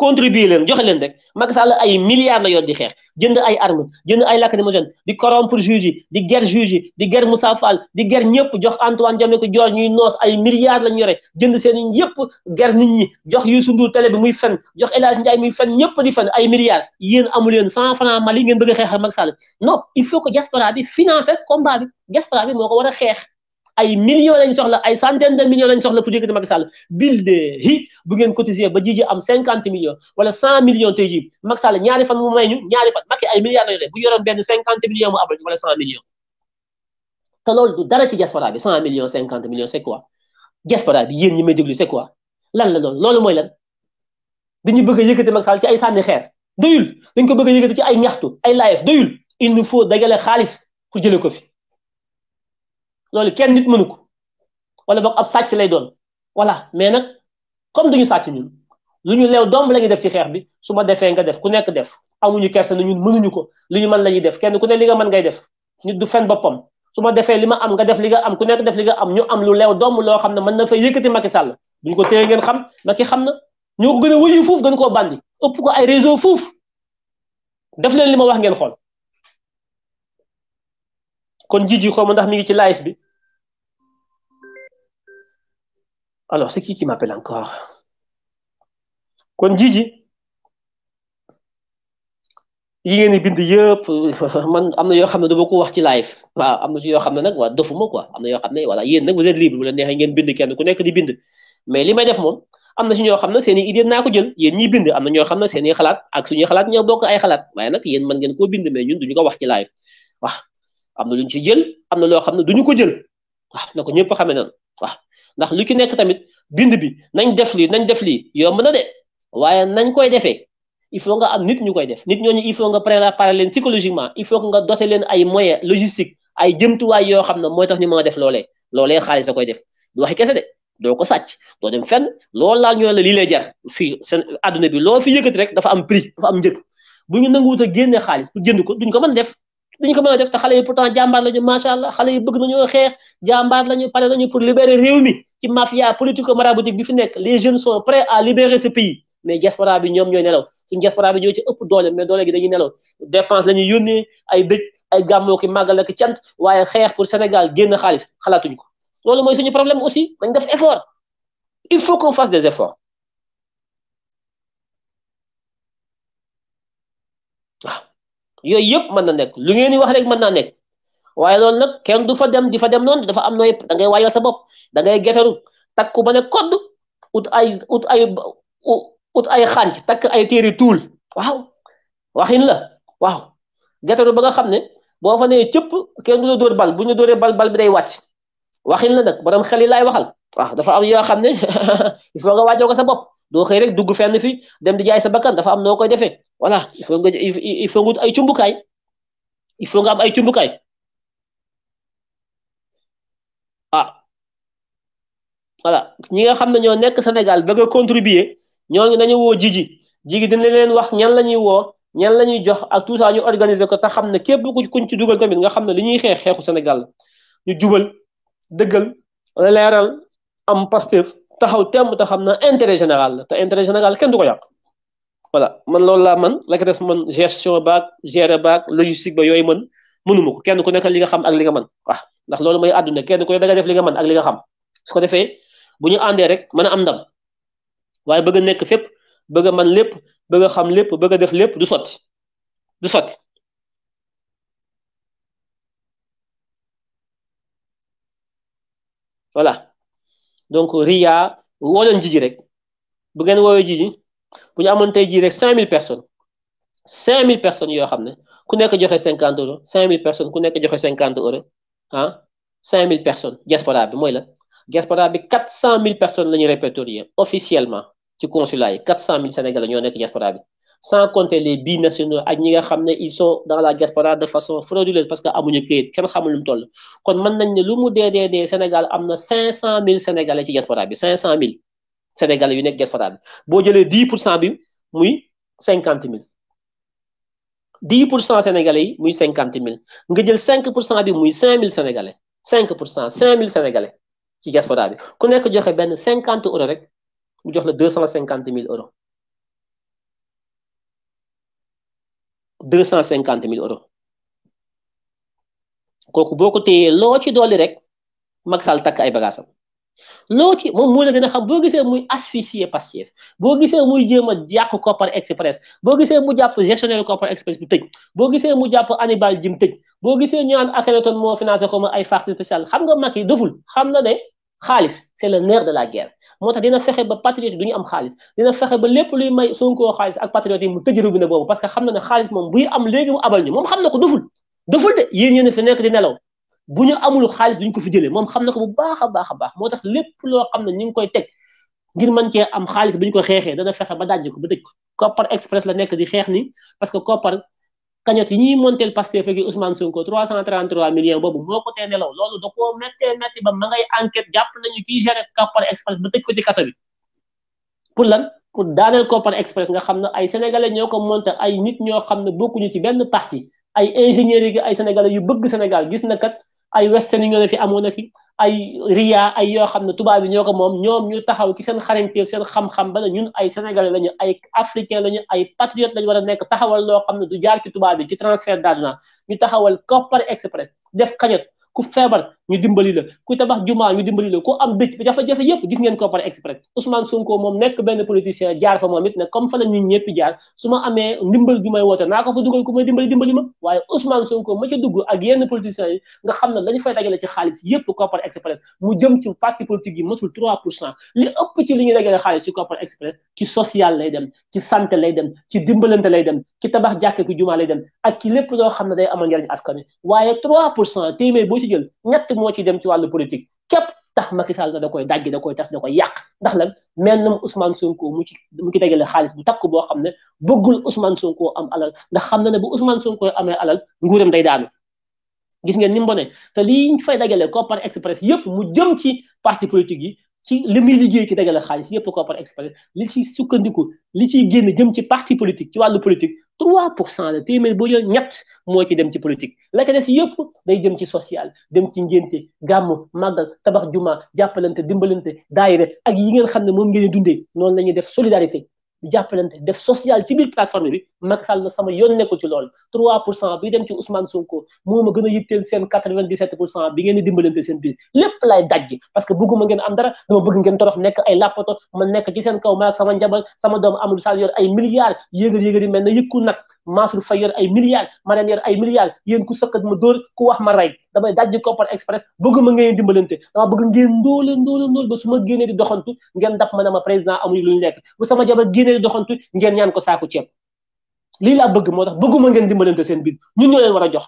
contribuer leen jox leen rek Macky Sall ay milliards la yor di xeex jënd ay armes jënd ay lacrymogène di corrompre juge yi di guerre juge yi di guerre Moussa Fall di guerre ñëpp jox Antoine Diome ko jor ñuy noos ay milliards la ñoré jënd seen ñëpp guerre nit ñi jox Youssou Ndour télé bi muy fenn jox El Hadj Ndiaye muy fenn ñëpp di fenn ay milliards yéen amul yeen 100 francs Mali ngeen bëgg xeex ak Macky Sall non il faut que diaspora bi financer combat bi diaspora bi moko wara xeex. ay millions lañ soxla ay centaine de millions lañ soxla pour yëkkati Macky Sall hi bu ngeen cotiser ba jii am 50 millions wala 100 millions tey jii Macky Sall ñaari fan mu may ñu ñaari fan Macky ay milliards la def bu yoron ben 50 millions mu am wala 100 millions ta loolu du dara ci diaspora bi 100 millions 50 millions c'est quoi diaspora bi yéen ñi may déglu c'est quoi lan la loolu loolu mooy lan dañu bëgg yëkëti Macky Sall ci ay sànni xeer doyul dañ ko bëgg yëkëti ci ay ñaxtu ay live doyul il nous faut dajale xaalis pour jëlé ko fi loolu kenn nit mënu ko wala boog ab sàcc lay doon voilà mais nag comme ñu sàcc ñun lu ñu lew doom la def ci xeex bi su ma defee nga def ku nekk def amuñu kersa na ñun mënuñu ko li ñu mën la ñuy def kenn ku ne li nga mën ngay def nit du fen boppam su ma defee li ma am nga def li nga am ku nekk def li nga am ñu am lu leew domb loo xam ne mën na fa yëkkati Macky Sall duñ ko téye ngeen xam Macky xam na ñoo ko gën a wëyu foofu gën koo bandi ëpp ko ay réseau foofu def leen li ma wax ngeen xool kon jiji xaw ma ndax mi ngi ci live bi alors c'est qui qui m'appelle encore kon jiji yi ngeen di bind yëpp man am na yoo xam ne dama ko wax ci live waaw am na ci yoo xam ne nag waa dofuma quoi am na yoo xam ne voilà yéen nag vous êtes libre bu la neexee ngeen bind kenn ku nekk di bind mais li may def moom am na si ñoo xam ne seen i idée naa ko jël yéen ñiy bind am na ñoo xam ne seen i xalaat ak suñuy xalaat ñoo bokk ay xalaat waaye nag yéen mën ngeen koo bind mais ñu ko wax ci live waaw am na lu ñu ci jël am na loo xam ne duñu ko jël waaw na ko ñëpp xamee noonu waaw ndax lu ci nekk tamit bind bi nañ def lii nañ def lii yomb na de waaye nañ koy defee il faut nga am nit ñu koy def nit ñooñu il faut nga préparer leen psychologiquement il faut nga doter leen ay moyens logistique ay jëmtuwaay yoo xam ne mooy tax ñu moo a def loolee loolee xaalis a koy def du waxi kese de doo ko sàcc doo dem fenn loolu laal ñu la lii lay jar fii seen adduna bi loo fi yëkkati rek dafa am prix dafa am njëg bu ñu nanguwut a génne xaalis pour jënd ko duñ ko mën def duñ ko mëna def te xale yi pourtant jambar lañu macha allah xale yi bëgg nañu xeex jambar lañu paré nañu pour libérer réew mi ci mafia politico maraboutique bi fi nek les jeunes sont prêts à libérer ce pays mais diaspora bi ñom ñoy nelaw suñu diaspora bi ñoo ci ëpp doole mais doole gi dañuy nelaw dépense lañu yoni ay dëj ay gàmmoo ki màggal ak tiant waaye xeex pour Sénégal génn xaalis xalaatuñ ko loolu moy suñu problème aussi dañ def effort il faut qu'on fasse des efforts yooyu yëpp mën na nekk lu ngeen di wax rek mën naa nekk waaye loolu nag kenn du fa dem di fa dem noonu dafa am nooy da ngay waayal sa bopp da ngay tak takku ba ne kodd ut ay ut ay ay xànc takk ay téeri tuul waaw waxin la waaw getaru ba nga xam ne boo fa nee cëpp kenn du la dóor bal bu ñu dóoree bal bal bi day wàcc waxin la nag borom xel yi laay waxal waaw dafa am yoo xam ne il faut nga waajoo ko sa bopp doo xëy rek dugg fenn fi dem di jaay sa bakkan dafa am noo koy defee voilà il faut nga il faut ay cumbukaay i faut nga am ay cumbukaay ah voilà ñi nga xam ne ñoo nekk Sénégal bëgg a contribuer ñooñu nañu woo jiji jigi dina leen wax ñan la ñuy woo ñan la ñuy jox ak tout ça ñu organiser ko te xam ne képp kuñ ci dugal tamit nga xam ne li ñuy xeex xeexu Sénégal ñu jubal dëggal leeral am Pastef taxaw temb te xam na intérêt général la te intérêt général kenn du ko yàq. voilà man loolu laa man la ko des man gestion baag gérer baag logistique ba yooyu man mënuma ko kenn ku nekk li nga xam ak li nga man waaw ndax loolu mooy àdduna kenn ku ne danga def li nga man ak li nga xam su ko defee bu ñu àndee rek mën a am ndam waaye bëgg a nekk fépp bëgg man lépp bëgg xam lépp bëgg a def lépp du sotti du sotti voilà donc riyaa woo leen jiji rek bu ngeen woowee jiji Il y a monté 5000 personnes, 5000 personnes y a 50 euros 5000 personnes, combien que 50 euros 5000 ah, personnes. Gaz pour moi là. Gaz 400 000 personnes l'ignirent pas Officiellement, tu consulat. 400 000 Sénégalais ne connaissent pas Sans compter les bi nationaux, ils sont dans la diaspora de façon frauduleuse parce qu'ils abusent de crédit. Quand ils font le que quand ils le montant, ils 500 000 Sénégalais qui Gaz pour 500 000. sénégalais yu nekk diaspora bi boo jëlee dix pour cent bi muy cinquante mille dix pour cent sénégalais yi muy cinquante mille nga jël cinq pour cent bi muy cinq mille sénégalais cinq pour cent cinq mille sénégalais ci diaspora bi ku nekk joxe benn cinquante euro rek mu jox la deux cent cinquante mille euros deux cent cinquante mille euros kooku boo ko téyee loo ci dolli rek mag sal takk ay bagaasam loo ci moom moo la gën a xam boo gisee muy asphyxier Pastef boo gisee muy jéem a yàq Kopar Express boo gisee mu jàpp gestionnaire Kopar Express bu tëj boo gisee mu jàpp Hannibal Djim tëj boo gisee ñu naan Akhenaton moo financé xaw ma ay forces spéciales xam nga Macky doful xam na ne xaalis c'est le nerf de la guerre moo tax dina fexe ba patriote du ñu am xaalis dina fexe ba lépp luy may Sonko xaalis ak patriote yi mu tëj robinet boobu parce que xam na ne xaalis moom buy am léegi mu abal ñu moom xam na ko doful doful de yéen ñeen fi nekk di nelaw buñu amul xaalis duñ ko fi jëlé mom xamna ko bu baaxa baaxa baax motax lépp lo xamna ñing koy tek ngir man ci am xaalis bu ko xexé dana fexe ba dajj ko ba dekk ko Kopar Express la nekk di xex ni parce que Kopar cagnotte yi ñuy monteel Pastef ak Ousmane Sonko 333 millions bobu moko té nelaw lolu da ko metté métti ba ma ngay enquête jàpp nañu ci gérer Kopar Express ba tëj ko ci kaso bi pour lan pour daaneel Kopar Express nga xamna ay sénégalais ñoko monté ay nit ñoo xamna bokku ñu ci benn parti ay ingénieur yi ay sénégalais yu bëgg Sénégal gis na kat ay western union fi amoon ak ay ria ay yoo xam ne tubaab yi ñoo ko moom ñoom ñu taxaw ci seen xarañteef seen xam-xam ba ne ñun ay sénégalais lañu ay africain lañu ay patriote lañu war a nekk taxawal loo xam ne du jaar ci tubaab yi ci transfert d'argent ñu taxawal Kopar Express def cagnotte ku feebar ñu dimbali la ku tabax jumaa ñu dimbali ku am dëj bi jafe-jafe gis ngeen ko par exprès Ousmane Sonko moom nekk benn politicien jaar fa moom it ne comme fa la ñun ñëpp jaar su amee ndimbal ju may woote naa ko fa dugal ku may dimbali dimbali ma waaye Ousmane Sonko ma ca dugg ak yenn politiciens nga xam ne dañu fay dajale ci xaalis yëpp Kopar Express mu jëm ci parti politique yi matul 3 pour cent li ëpp ci li ñuy dajale xaalis ci dem ci lay dem ci dimbalante lay dem ci tabax jàkk ki jumaa lay dem ak ci xam ne day amal njariñ askan wi waaye boo ci jël moo ci dem ci wàllu politique képp tax Macky Sall da koy dajji da koy tas da koy yàq ndax lan mel nam Ousmane Sonko mu ci mu ci dajale xaalis bu takk boo xam ne bëggul Ousmane Sonko am alal ndax xam na ne bu Ousmane Sonko amee alal nguuram day daanu gis ngeen ni mu bone te lii fay ko par Express yëpp mu jëm ci parti politique yi ci li muy liggéey ci dajale xaalis yëpp Kopar Express li ci sukkandiku li ciy génn jëm ci parti politique ci wàllu politique 3 pour cent la téeméer boo jël ñett moo ci dem ci politique la ca des yëpp day dem ci social dem ci ngénte gàmmu màggal tabax juma jàppalante dimbalante daayire ak yi ngeen xam ne moom ngeen dundee noonu la ñuy def solidarité di jàppalante def social ci biir plateforme bi Macky Sall na sama yoon nekkul ci lool 3 pour cent bi dem ci Ousmane Sonko moo ma gën a yitteel seen 97 pour cent bi ngeen di dimbalante seen biir lépp laay dajji parce que bëgguma ngeen am dara dama bëgg ngeen torox nekk ay làppato ma nekk ci seen kaw ma ak sama njaboot sama doom amul na yëkku nag Mansour fayer ay milliard ma len yor ay milliard yeen ku sëkkat ma dóor ku wax ma ray damay dajji copper express bëgguma ngeen dimbalante dama bëgg ngeen ndóole ndóole ndóole ba suma ma di doxantu ngeen dab ma na ma president amuy luñu ñu bu sama jabar gene di doxantu ngeen ñaan ko saaku ciep li la bëgg motax tax bëgguma ngeen dimbalante seen biir ñun ñoo leen wara jox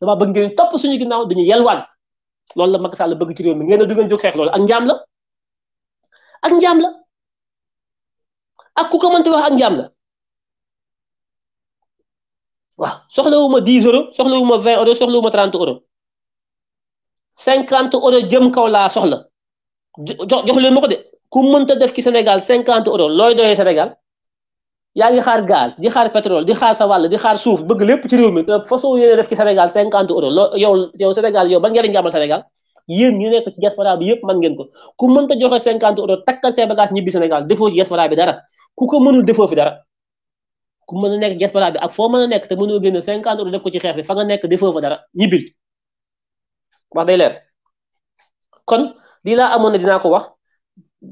dama bëgg ngeen top suñu ginnaaw dañu yelwaat loolu la Macky bëgg ci réew mi ngeen du ngeen loolu ak njaam la ak njaam la ak ku ko mënti wax ak njaam la waaw soxlawu ma 10 euros soxlawu ma 20 euros soxlawu ma 30 euros 50 euros jëm kaw laa soxla jox jox leen ma ko de ku mën ta def ci Sénégal 50 euros looy doyee Sénégal yaa ngi xaar gaz di xaar pétrole di xaar sa wàll di xaar suuf bëgg lépp ci réew mi te façon yéene ci Sénégal 50 euros loo yow yow Sénégal yow ban njëriñ nga amal Sénégal yéen ñu nekk ci diaspora bi yëpp man ngeen ko ku mënta joxe 50 euros takkal seen bagage ñibbi Sénégal defoo ci diaspora bi dara ku ko mënul defoo fi dara. ku mën a nekk diaspora bi ak foo mën a nekk te mënoo génn cinquante euros def ko ci xeex bi fa nga nekk defoo dara ñibbil wax day leer kon lii laa amoon na dinaa ko wax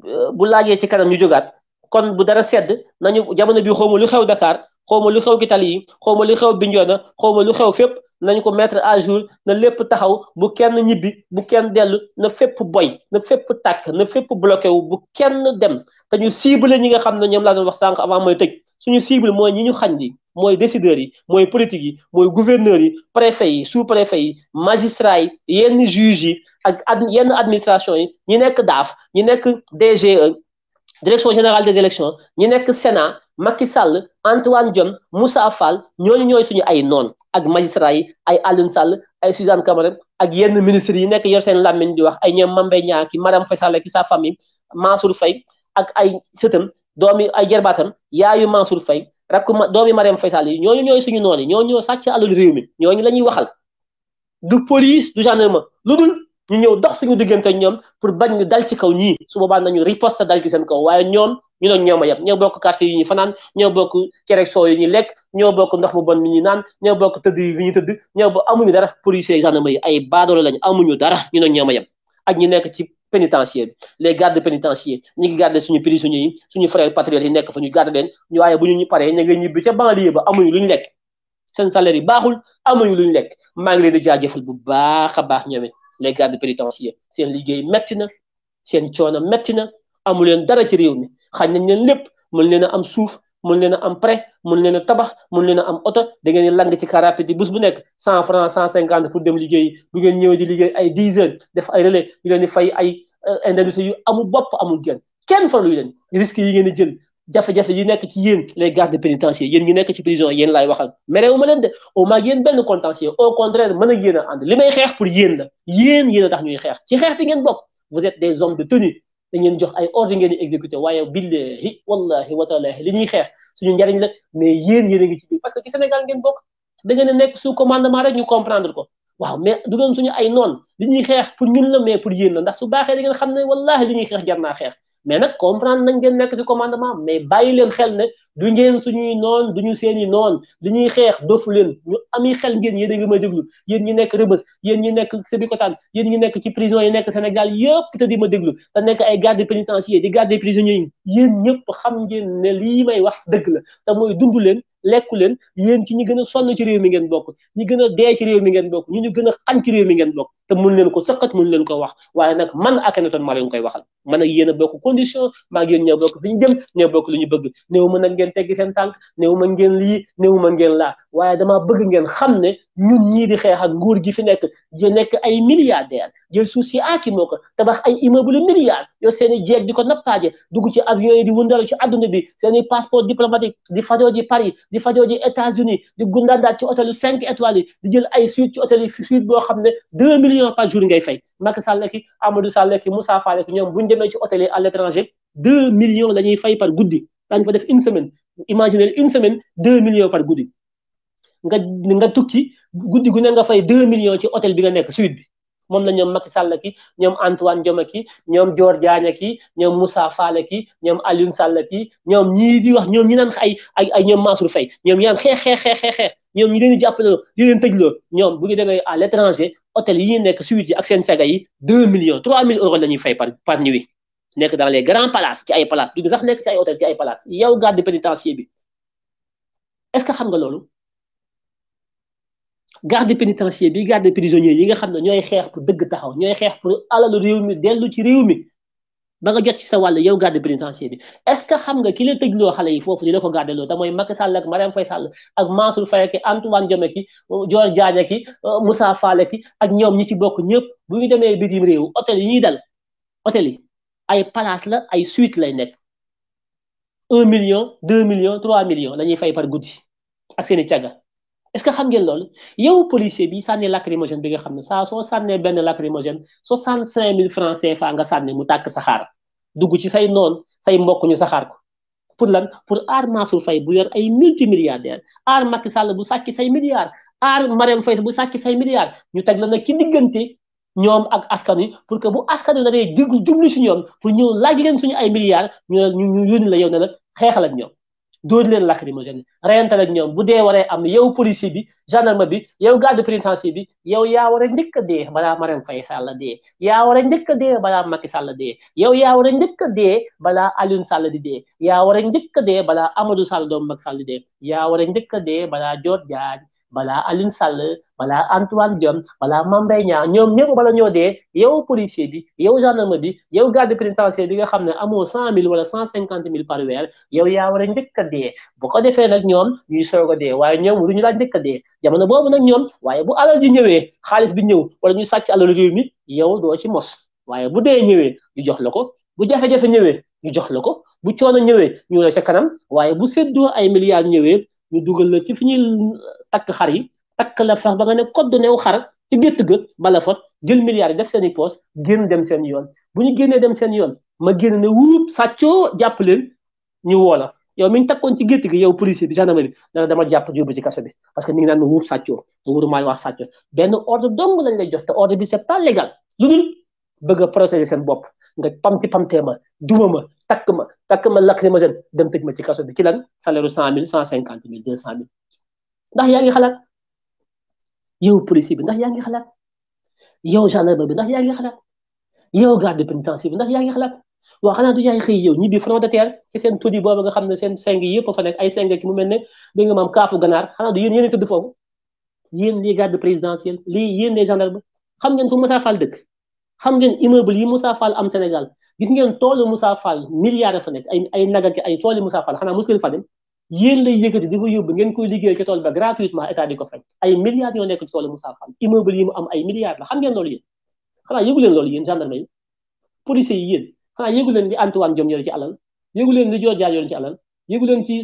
euh, bu laajee ci kanam ñu jógaat kon bu dara sedd nañu jamono bi xawma lu xew Dakar xawma lu xew ki tali yi xawma lu xew Bignona xawma lu xew fépp nañ ko mettre à jour na lépp taxaw bu kenn ñibbi bu kenn dellu na fépp boy na bloqué wu bu kenn dem ñu ne ñoom laa doon wax sànq avant suñu cible mooy ñi xañ di mooy décideurs yi politique gouverneurs yi préfet yi sous préfet yi magistrats yi yi ak yenn administration yi ñi nekk DAF ñi nekk DGE direction générale des élections ñi nekk Sénat Macky Sall Antoine Diome Moussa Fall ñooñu ñooy suñu ay noon ak magistrat yi ay Alioune Sall ay Suzanne Camara ak yenn ministres yi nekk yor seen làmmiñ di wax ay ñoom Mame Mbaye Niang ki madame Faye Sall ki sa famille Mansour Faye ak ay sëtam doomi ay jerbaatam yaayu Mansour Faye rakku doomi Mariam Faye Sall yi ñooñu ñooy suñu noon yi ñooñu ñoo sàcc alal réew mi ñooñu la ñuy waxal du police du gendarme lu dul ñu ñëw dox suñu diggante ñoom pour bañ ñu dal ci kaw ñii su boobaa nañu riposte dal ci seen kaw waaye ñoom ñu doon ñooma yàpp ñoo bokk quartier yi ñu fanaan ñoo bokk cere soow yi ñu lekk ñoo bokk ndox mu bon mi ñu naan ñoo bokk tëdd yi ñu tëdd ñoo bokk amuñu dara policiers yi gendarmerie ay baadoolo lañu amuñu dara ñu doon ñooma yàpp ak ñu nekk ci pénitentiaire les gardes pénitentiaires ñu ngi garder suñu prisonniers yi suñu frères patriotes yi nekk fa ñu garder leen ñu waaye bu ñu paree ñu ngi ñibbi ca banlieue ba amuñu luñu lekk seen salaire yi baaxul amuñu luñu lekk maa ngi leen di jaajëfal bu baax a baax ñoomit les gardes pénitentiaires seen liggéey metti na seen coono metti na amu leen dara ci réew mi xañ nañ leen lépp mën leen am suuf mën neen a am prêt mën leen tabax mën leen am oto da ngeen di lang ci car rapide yi bu nekk cent franc cent cinquante pour dem liggéeyi bu ngeen ñëwee di liggéey ay dix heures def ay relais ñu leen di fay ay euh, indemnité yu amul bopp amul genn kenn faluy leen risques yi ngeen di jël jafe-jafe yi nekk ci yéen les gardes pénitentiaires yéen gi nekk ci prison yéen laay waxal mereewu ma leen de au moins benn contentieux may xeex pour yéen la yéen yéen a tax xeex ci xeex bi ngeen bokk vous êtes des hommes de da ngeen jox ay ordre ngeen di exécuté waaye billahi wallahi watalahi li ñuy xeex suñu njariñ la mais yéen yéen a ngi parce que ci Sénégal ngeen bokk da ngeen a nekk sous commandement rek ñu comprendre ko waaw mais du doon suñu ay noon li ñuy xeex pour ñun la mais pour yéen la ndax su baaxee da ngeen xam ne wallahi li ñuy xeex jar naa xeex mais nag comprendre nañ ngeen nekk ci commandement mais bàyyi leen xel ne du ngeen suñuy noon du ñu seen noon du ñuy xeex dofu leen ñu ami xel ngeen yéen a ngi may déglu yéen ñi nekk Rebeuss yéen ñi nekk Sébikotane yéen ñi nekk ci prison yi nekk Sénégal yëpp te di ma déglu te nekk ay garde pénitentiaire di garde prisonniers yi yéen ñëpp xam ngeen ne lii may wax dëgg la te mooy dund leen lekku leen yéen ci ñi gën a sonn ci réew mi ngeen bokk ñi gën a dee ci réew mi ngeen bokk ñu ñu gën a xan ci réew mi ngeen bokk te mun leen ko sëqat mun leen ko wax waaye man Akhenaton maa leen koy waxal man ak yéen a bokk condition maa ngi yéen ñoo bokk fi ñu jëm ñoo bokk lu ñu bëgg néew ma nag ngeen teggi seen tànk néew ma ngeen lii néew ma ngeen laa waaye damaa bëgg ngeen xam ne ñun ñi di xex ak nguur gi fi nek je nek ay milliardaire jël souci ak aaki ko tabax ay immeuble milliard yo seen jeeg diko ko nappaaje dugg ci avion yi di wundal ci aduna bi seen passeport diplomatique di fajoo ji Paris di fajoo ji États-Unis di gundanda ci hôtel 5 étoiles di jël ay suite ci hôtel yi suite bo xamne 2 millions par jour ngay fay Macky Sall ki Amadou Sall ki Moussa Fall ki ñom buñu démé ci hôtel yi à l'étranger 2 millions lañuy fay par goudi dañ fa def une semaine imaginer une semaine 2 millions par goudi nga nga tukki guddi gu ne fay 2 millions ci hôtel bi nga nekk suite bi moom la ñoom Macky Sall ki ñoom Antoine Diome ki ñoom Dior Diagne ki ñoom Moussa Fall ki ñoom Alioune Sall ki ñoom ñii di wax ñoom ñi naan ay ay ay ñoom Mansour Faye ñoom ñi naan xeex xeex xeex ñoom ñu leen di jàppaloo ñoom bu ñu demee à l'étranger hôtel yi ñuy nekk suite yi ak sen saga yi 2 millions 3000 euros la ñuy fay par par nekk dans les grands palaces ci ay palace du sax nekk ci ay hôtel ci ay palaces yow garde bi est-ce que xam nga loolu. garde pénitentiaire bi garde prisonnier yi nga xamne ñoy xex pour deug taxaw pour le mi delu ci mi nga jot ci sa yow garde pénitentiaire bi est-ce que xam nga ki la que xalé yi fofu di la ko garde ak Mariam ak Mansour Antoine Diome ki Moussa Fall ak ñom ñi ci bokk ñepp bu ñu rew hôtel yi ñi dal hôtel yi ay palace la ay suite lay un million deux millions trois millions la fay par goudi ak seen est que xam ngeen loolu yow policier bi sànni lacrymogène bi nga xam ne saa soo sànnee benn lacrymogène soixante cinq mille francs CFA nga sànni mu tàkk saxaar dugg ci say noon say mbokk ñu saxaar ko pour lan pour aar Mansour fay bu yor ay multimilliardaire aar Macky Sall bu sàcc say milliards aar Marème Faye bu sàcc say milliards ñu teg la nag ci diggante ñoom ak askan wi pour que bu askan wi da ngay jublu si ñoom pour ñu laaj leen suñu ay milliards ñu ñu la yow ne la xeexal ak dóor leen lacrymogène reyante ak ñoom bu dee waree am yow policier bi gendarme bi yow garde pénitentiaire bi yow yaa war a njëkk balaa Marème Faye Sall dee yaa war a njëkk a dee balaa Macky Sall dee yow yaa war a njëkk a dee balaa Alioune Sall di dee yaa war a njëkk a balaa Amadou Sall doomu Macky Sall di yaa war a njëkk a dee balaa bala alun Sall bala Antoine Diome balaa Mame Mbaye Niang bala ñoo dee yow policier bi yow gendarme bi yow garde pénitentiaire bi nga xam ne amoo cent mille wala cent cinquante par weer yow yaa war a njëkk bu ko defee nag ñoom ñuy soog a dee waaye ñoom waruñu laa njëkk a jamono boobu nag ñoom waaye bu alal ji ñëwee xaalis bi ñëw wala ñu sàcc alal réew mi yow doo ci mos waaye bu dee ñëwee ñu jox la ko bu jafe-jafe ñëwee ñu jox la bu coono ñëwee ñu la ca kanam waaye bu séddoo ay milliards ñëwee ñu dugal la ci fi ñuy takk xar yi takk la fex ba nga ne code de neew xar ci gétt gët bala fot jël milliard def seen i génn dem seen yoon bu ñu génnee dem seen yoon ma génn ne wuup sàccoo jàpp leen ñu woo yow mi ñu takkoon ci gétt gi yow policier bi gendarmerie bi na dama jàpp yóbbu ci kaso bi parce que mi ngi naan ma wuub sàccoo te wuru maay wax sàccoo benn ordre dong lañ lay jox te ordre bi c'est pas légal lu dul bëgg a protéger seen bopp nga pamti pam ma duma ma takk ma takk ma lacrymogène dem tëj ma ci kaso bi ci lan salaire cent mille cent cinquante mille deux cent mille ndax yaa ngi xalaat yow policier bi ndax yaa ngi xalaat yow gendarme bi ndax yaa ngi xalaat yow garde pénitentiaire bi ndax yaa ngi xalaat waaw xanaa du yaay xëy yow ñibbi front de terre ci seen tuddi boobu nga xam ne seen seng yëpp fa nekk ay seng ki mu mel ne da nga maam kaafu ganaar xanaa du yéen yéen a tudd foofu yéen les garde présidentielle lii yéen les gendarme xam ngeen fu Moussa Fall dëkk xam ngeen immeuble am Sénégal gis ngeen toolu Moussa Fall milliards fa nek ay ay nag ak ay toolu Moussa Fall xana muskil fa dem yéen lay yëkkati di ko yóbbu ngeen koy liggéey ci tool ba gratuitement état di ko fay ay milliards yoo nekk ci toolu Moussa Fall immeuble yi mu am ay milliards la xam ngeen loolu yéen xana yëgu leen loolu yéen gendarmerie police yi yéen xana yëgu leen di Antoine Diome yore ci alal yëgu leen di Jodia Diar ci alal yëgu leen ci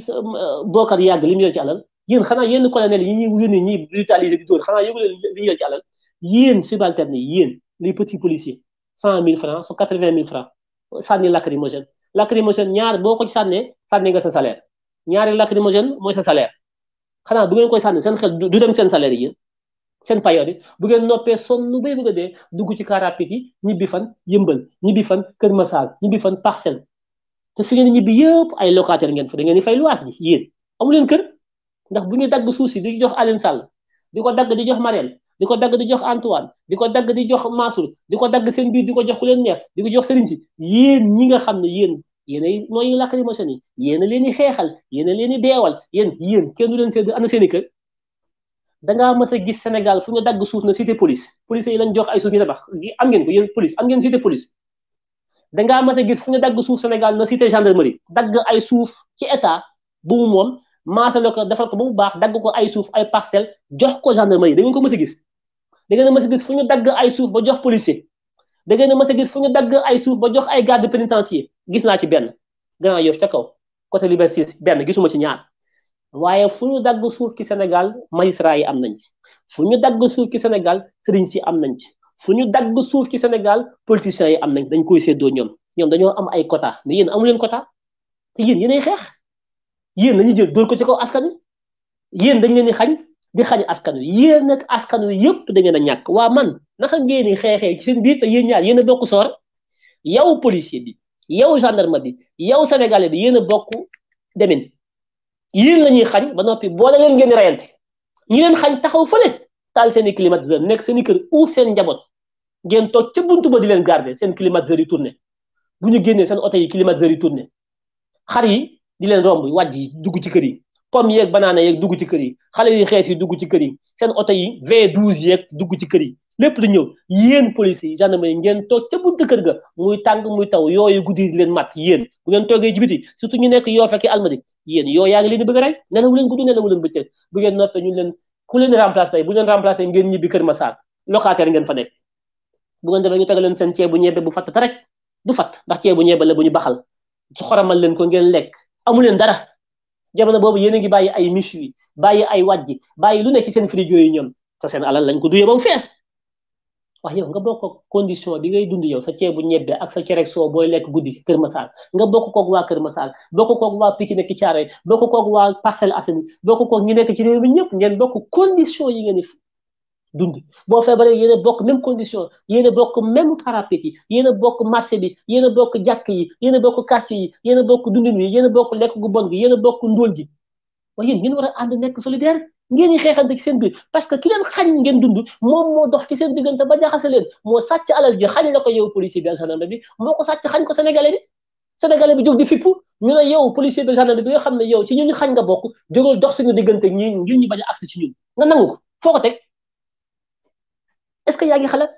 Bokar Yàgg lim mu ci alal yéen xana yeen colonel yi ñi yónni ñi brutaliser di dóor xana yëgu leen li ñu ci alal yéen subalterne yéen les petits policiers 100000 francs so francs sanni lacrymogène lacrymogène ñaar boko ci sànnee sanni nga sa salaire ñaari lacrymogène moy sa salaire xana bu ngeen koy sanni sen xel du dem sen salaire yi sen payoor yi bu ngeen noppé sonn bay bëgg a dugg ci car yi fan yëmbal ñibi fan keur massage ñibi fan parcelle te fi ngeen ñibi yépp ay locataire ngeen fa da ngeen fay luwaas bi yéen amu leen keur ndax bu ñu dagg suuf si di jox Aline Sall diko dagg di jox marel di ko dagg di jox Antoine di ko dagg di jox Mansour di ko dagg seen biir di ko jox ku leen neex di ko jox serigne ci yéen ñi nga xam ne yéen yéen ay nooy lacrymogène yi yéen a leen di xeexal yéen a leen di deewal yéen yéen kenn du leen seen ana seen i kër da ngaa mës a gis Sénégal fu ñu dagg suuf na cité police police yi lañ jox ay suuf ñu tabax am ngeen ko yéen police am ngeen cité police da ngaa mës a gis fu ñu dagg suuf Sénégal na cité gendarmerie dagg ay suuf ci état bu mu moom maasale ko defal ko ba mu baax dagg ko ay suuf ay parcelle jox ko gendarmerie da ngeen ko mës a gis da ngeen a mës a gis fu ñu dagg ay suuf ba jox policier da ngeen a mës a gis fu ñu dagg ay suuf ba jox ay garde pénitentiaire gis naa ci benn Grand Yoff ca kaw côté Liberté benn gisuma ci ñaar waaye fu ñu dagg suuf ki Sénégal magistrat yi am nañ ci fu ñu dagg suuf ki Sénégal sëriñ si am nañ ci fu ñu dagg suuf ci Sénégal politiciens yi am nañ dañ koy séddoo ñoom ñoom dañoo am ay quota mais yéen amu leen quota te yéen yéenay xeex yéen la ñuy jël dóor ko ci kaw askan wi yéen dañ leen di xañ di xañ askan wi yéen nag askan wi yëpp da ngeen ñàkk waa man naka ngeen di xeexee ci seen biir te yéen ñaar yéen a bokk soor yow policier bi yow gendarme bi yow sénégalais bi yéen a bokk demin yéen la ñuy xañ ba noppi boole leen ngeen di reyante ñi leen xañ taxaw fële taal seen i climatiseur nekk seen i kër ou seen njaboot ngeen toog ca buntu ba di leen garder seen climatiseur yi tourné bu ñu génnee seen oto yi climatiseur yi tourné xar yi di leen romb wàjj yi dugg ci kër yi. pomme yeeg banaana yeeg dugg ci kër yi xale yu xees yi dugg ci kër yi seen oto yi V12 yeeg dugg ci kër yi lépp lu ñëw yéen police yi gendarmerie ngeen toog ca buntu kër ga muy tàng muy taw yooyu guddi di leen mat yéen bu ngeen toogee ci biti surtout ñu nekk yoo fekk almadi yéen yoo yaa ngi leen di bëgg a rey nelawu leen guddi nelawu leen bëccëg bu ngeen noppee ñu leen ku leen remplace tey bu leen remplacé ngeen ñibbi kër Massar locataire ngeen fa nekk bu ngeen defee ñu teg leen seen ceebu ñebe bu fatt te rek du fatt ndax ceebu ñebe leen ko ngeen lekk amu leen dara jamono boobu yéen a ngi bàyyi ay miche yi bàyyi ay wàjji bàyyi lu nekk ci seen frigo yi ñoom te seen alal lañ ko duyee ba fees wax yow nga bokk condition bi ngay dund yow sa ceebu ñebbe ak sa cereg soo booy lekk guddi Kër Masar nga bokk koog waa Kër Masar bokk koog waa Pikine ki Caaroy bokk ko waa Parcelles Assainies bokk koog ñi nekk ci réew mi ñëpp ngeen bokk condition yi ngeen di dundi boo feebaree yéen a bokk même condition yéen a bokk même parapet yi yéen a bokk marché bi yéen a bokk jàkk yi yéen a bokk quartier yi yéen a bokk dundin yi yéen a bokk lekk gu bon gi yéen a bokk ndóol waaye yéen ngeen war a ànd nekk solidaire ngeen di xeexante ci seen biir parce que ki leen xañ ngeen dund moom moo dox ci seen diggante ba leen moo sàcc alal ji xañ la ko yow policier bi ak gendarme bi moo ko sàcc xañ ko sénégalais bi sénégalais bi jóg di fippu ñu ne yow policier xam ne yow ci ñun xañ nga bokk jógal dox suñu diggante ñi ngir ñu ko foo ko teg est-ce que yaa ngi xalaat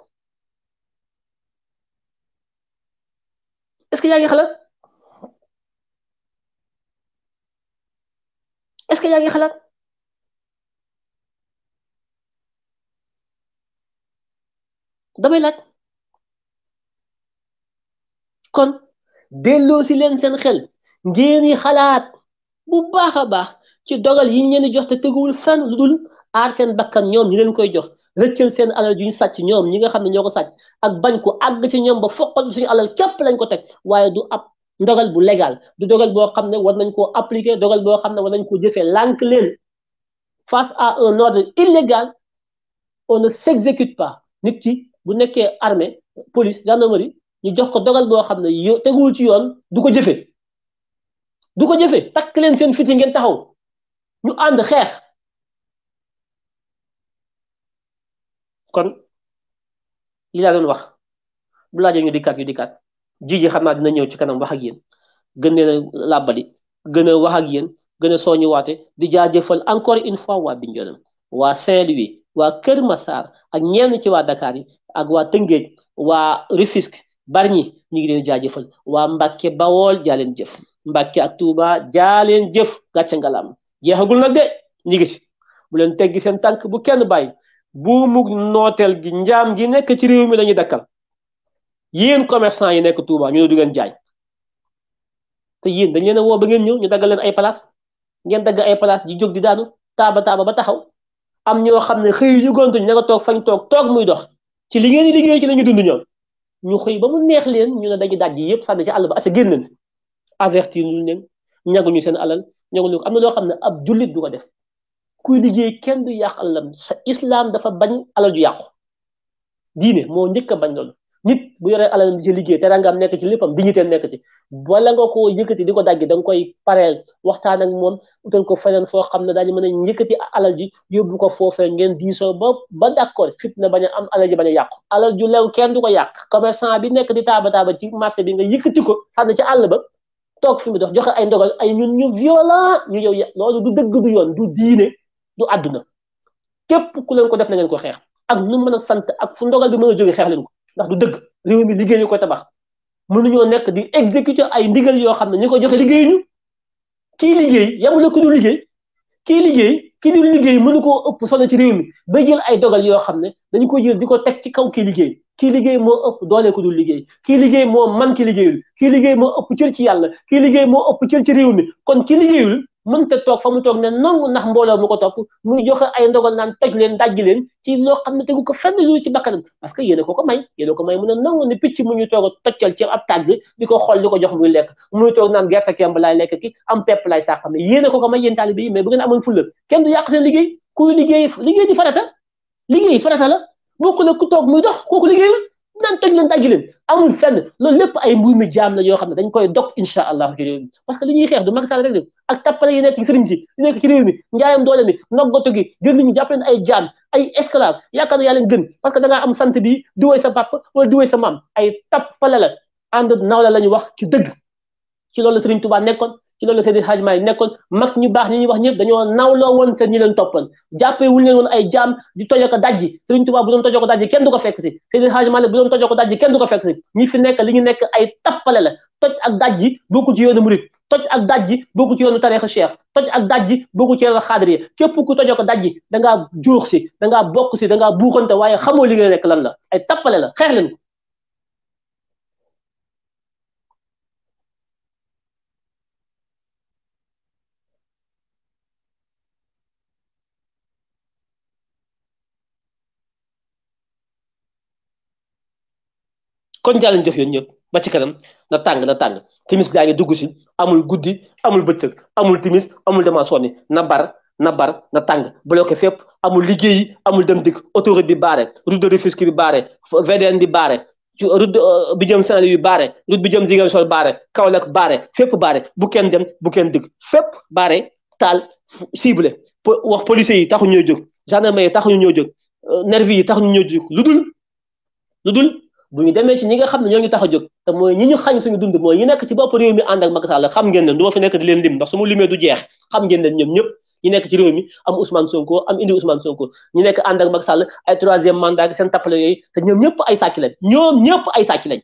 est que yaa ngi xalaat est-ce damay laaj kon delloo si leen seen xel ngeen di xalaat bu baax a baax ci dogal yi ñu di jox te teguwul fenn lu dul aar seen bakkan ñoom ñu koy jox. rëccal seen alal ju sàcc ñoom ñi nga xam ne ñoo ak bañ ko àgg ci ñoom ba suñu alal képp lañ ko teg waaye du ab ndogal bu légal du dogal boo xam war nañ koo appliquer dogal ne war nañ koo jëfee lànk leen face à un ordre illégal on ne s'exécute pas nit bu nekkee armée police gendarmerie ñu jox ko dogal boo xam ne ci yoon du ko du ko takk leen seen fiti ngeen taxaw ñu kon li laa doon wax bu laajee ñu dikkaat ñu dikkaat ji ji xam naa dina ñëw ci kanam wax ak yéen gën leen a làbbali gën a wax ak yéen gën a sooñu waate di jaajëfal encore une fois waa Bignona waa Saint-Louis waa Kër Massar ak ñenn ci waa Dakar yi ak waa Tëngéej waa Rufisque Bargny ñu ngi leen jaajëfal waa Mbacke Bawol jaa leen jëf Mbacke ak Touba jaa leen jëf gàcce ngalam jeexagul nag de ñu ngi ci bu leen teggi seen tànk bu kenn bàyyi. buumug notel gi njam gi nekk ci réew mi lañu dakkal yéen commerçant yi nekk Touba ñu du ngeen jaay te yéen dañ leen woo ba ngeen ñëw ñu dagal leen ay place ngeen dagg ay place di jóg di daanu taaba taaba ba taxaw am ñoo xam ne xëy ñu gontu ña nga toog fañ toog toog muy dox ci li ngeen di liggéey ci lañu dund ñoom ñu xëy ba mu neex leen ñu ne dañuy daj yépp sànni ci àll ba acca génn averti ñu ñagu ñu seen alal ñagu am amna loo xam ne ab jullit du ko def kuy liggéey kenn du yàq alalam sa islam dafa bañ alal ju yàqu diine moo njëkk a bañ loolu nit bu yoree alalam di ci liggéey te nga am nekk ci léppam dignité nekk ci wala nga ko yëkkati di ko daggi da koy pareel waxtaan ak moom utal ko feneen foo xam ne daañu mën a yëkkati alal ji yóbbu ko foofee ngeen diisoo ba ba d'accord fit na bañ a am alal ji bañ a yàqu alal ju lew kenn du ko yàq commerçant bi nekk di taaba taaba ci marché bi nga yëkkati ko sànni ci àll ba toog fi mu dox joxe ay ndogal ay ñun ñu violent ñu yow loolu dëgg yoon du diine du àdduna képp ku leen ko def na ngeen ko xeex ak nu mën a sant ak fu ndogal bi mën a jógee xeex leen ko ndax du dëgg réew mi liggéey ñu koy tabax mënuñoo nekk di exécuter ay ndigal yoo xam ne ñu ko joxe liggéey ñu kii liggéey yamula ku dul liggéey kii liggéey kii dul liggéey mënu koo ëpp solo ci réew mi bay jël ay dogal yoo xam ne dañu ko jël di ko teg ci kaw kii liggéey kii liggéey moo ëpp doole ku dul liggéey kii liggéey moo man ki liggéeyul kii liggéey moo ëpp cër ci yàlla kii liggéey moo ëpp cër ci réew mi kon ki liggéeyul mënta toog fa mu toog ne nangu ndax mbooloo mu ko topp muy joxe ay ndogal naan toj leen dajji leen ci loo xam ne tegu ko fenn lu ci bakkanam parce que yéen a ko ko may yéen a ko may mu ne nangu ne picc a toccal ci ab tàgg di ko xool gerte kemb laay lekk ki am pepp laay sàq mais yéen a ko may yéen taalibe mais bu ngeen amoon fulla kenn du yàq seen liggéey kuy liggéey liggéey di farata liggéey farata la bokku la ku toog muy dox kooku liggéeyul nan toj leen daj leen amul fenn loolu lépp ay mbuy mi jaam la yoo xam ne dañ koy dog incha allah parce que li ñuy xeex du Macky Sall rek de ak tappale yi nekk ci yi nekk ci réew mi njaayam doole gi jël nit jàpp leen ay jaam ay esclave yaakaar na yaa leen gën parce que da ngaa am sant bi di sa papa wala di woy sa maam ay tappale la ànd nawla la ñu wax ci dëgg ci loolu la sëriñ Tuubaa nekkoon ci loolu la Seydi Hadj Maalik nekkoon mag ñu baax ñi ñuy wax ñëpp dañoo nawloo woon seen ñi leen toppoon jàppee wuñu leen woon ay jaam di tojoo ko dajji Sëriñ Tuubaa bu doon tojoo ko dajji kenn du ko fekk si Seydi Hadj Maalik bu doon tojoo ko ko fekk si fi nekk ñu nekk ay tappale la toj ak dajji bokku ci yoonu murit toj ak dajji bokku ci yoonu tariixa Cheikh toj ak dajji bokku ci yoonu xaadiriya képp ku tojoo ko dajji dangaa juux si dangaa bokk si dangaa buuxante waaye xamoo li nga nekk lan la ay tappale la xeex leen kon jàll jëf yéen yëpp ba ci kanam na tàng na tàng timis gaa ngi dugg si amul guddi amul bëccëg amul timis amul dama sonni na bar na bar na tàng bloqué fépp amul liggéeyi amul dem dikk autoroute bi baare route de Rufisque bi baare VDN bi baare route euh, bi jëm Saint-Louis bi baare route bi jëm Ziguinchor bare Kaolack baare fépp baare bu kenn dem bu kenn dikk fépp baare taal ciblé wax policiers yi taxu ñoo jóg gendarmerie yi taxu ñoo jóg euh, nervi yi tax ñoo jóg lu dul lu dul bu ñu demee si ñi nga xam ne ñoo ñu tax a jog te mooy ñi ñu xañ suñu dund mooy ñi nekk ci bopp réew mi ànd ak Macky Sall xam ngeen ne du ma fi nekk di leen lim ndax su ma limee du jeex xam ngeen ne ñoom ñëpp ñi nekk ci ñu nekk ànd ak Macky Sall ay troisième mandat seen tappale yooyu te ñoom ñëpp ay sàcc lañ ñoom ñëpp ay sàcc lañ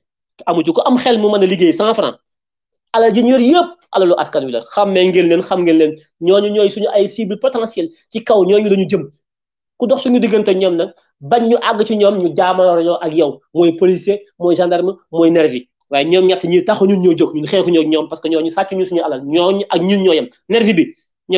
amu ko am xel mu mën a liggéey cent franc alal ji ñu yor yëpp alalu askan wi la xammee ngeen leen xam ngeen leen ñooñu ñooy suñu ay cible potentiel ci kaw ñooñu lañu jëm ku dox ñu diggante ñoom nag bañ ñu àgg ci ñoom ñu jaamaloñoo ak yow mooy policier mooy gendarme mooy nervi waaye ñoom ñett ñi taxu ñun ñoo jóg ñun xeexuñoo ñoom parce que ñooñu sàcc ñu suñu alal ñooñu ak ñun ñoo yem nervi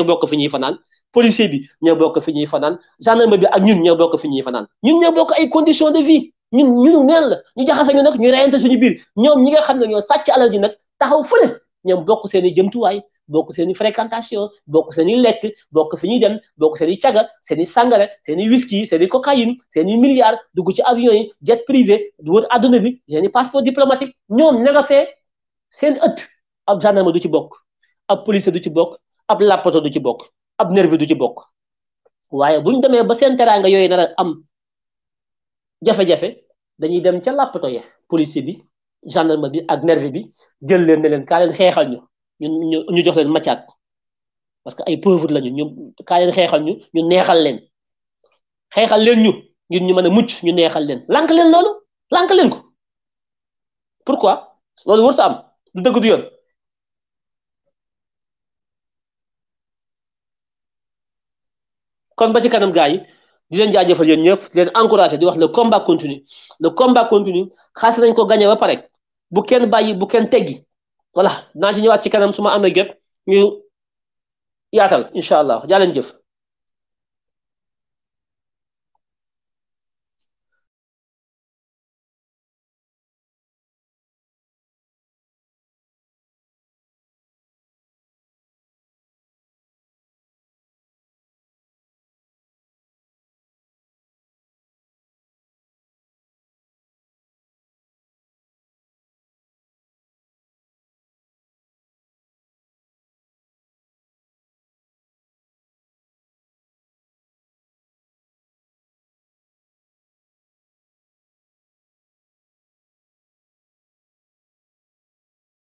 bokk fi ñuy fanaan policier bi ñoo bokk fi ñuy fanaan gendarme bi ak ñun ñoo bokk fi ñuy fanaan ñun ñoo bokk ay conditions de vie ñun ñunu neen la ñu jaxase ñu nag ñu suñu biir ñoom ñi nga xam ne ñoo sàcc alal ji nag taxaw fële ñoom bokk seen i jëmtuwaay bokk seen i fréquentation bokk seen i lekk bokk fi ñuy dem bokk seen i caga seen i sangare seen i whisky seen i cocaïne seeni i milliards dugg ci avion yi jet privé wër adduna bi seen i passeport diplomatique ñoom ña nga fee seen ëtt ab ma du ci bokk ab police du ci bokk ab lapato du ci bokk ab nervi du ci bokk waaye bu ñu demee ba seen teraanga yooyu nar a am jafe-jafe dañuy dem ca lapoto ya police bi ma bi ak nervi bi jël leen ne leen kaa leen xeexal ñu. ñun ñu jox leen macaat parce que ay pauvre lañu ñu kaa leen xeexal ñu ñu neexal leen xeexal leen ñu ngir ñu mën a mucc ñu neexal leen len leen loolu lànk leen ko pourquoi loolu warut am du dëgg du yoon kon ba kanam gars yi di leen jaajëfal yéen ñëpp di leen encouragé di wax le combat continue le combat continue nañ ko gagné ba pare bu kenn bàyyi bu kenn teggi voilà naa ci ñëwaat ci kanam su ma amee gëpp ñu yaatal incha allah jaa leen jëf.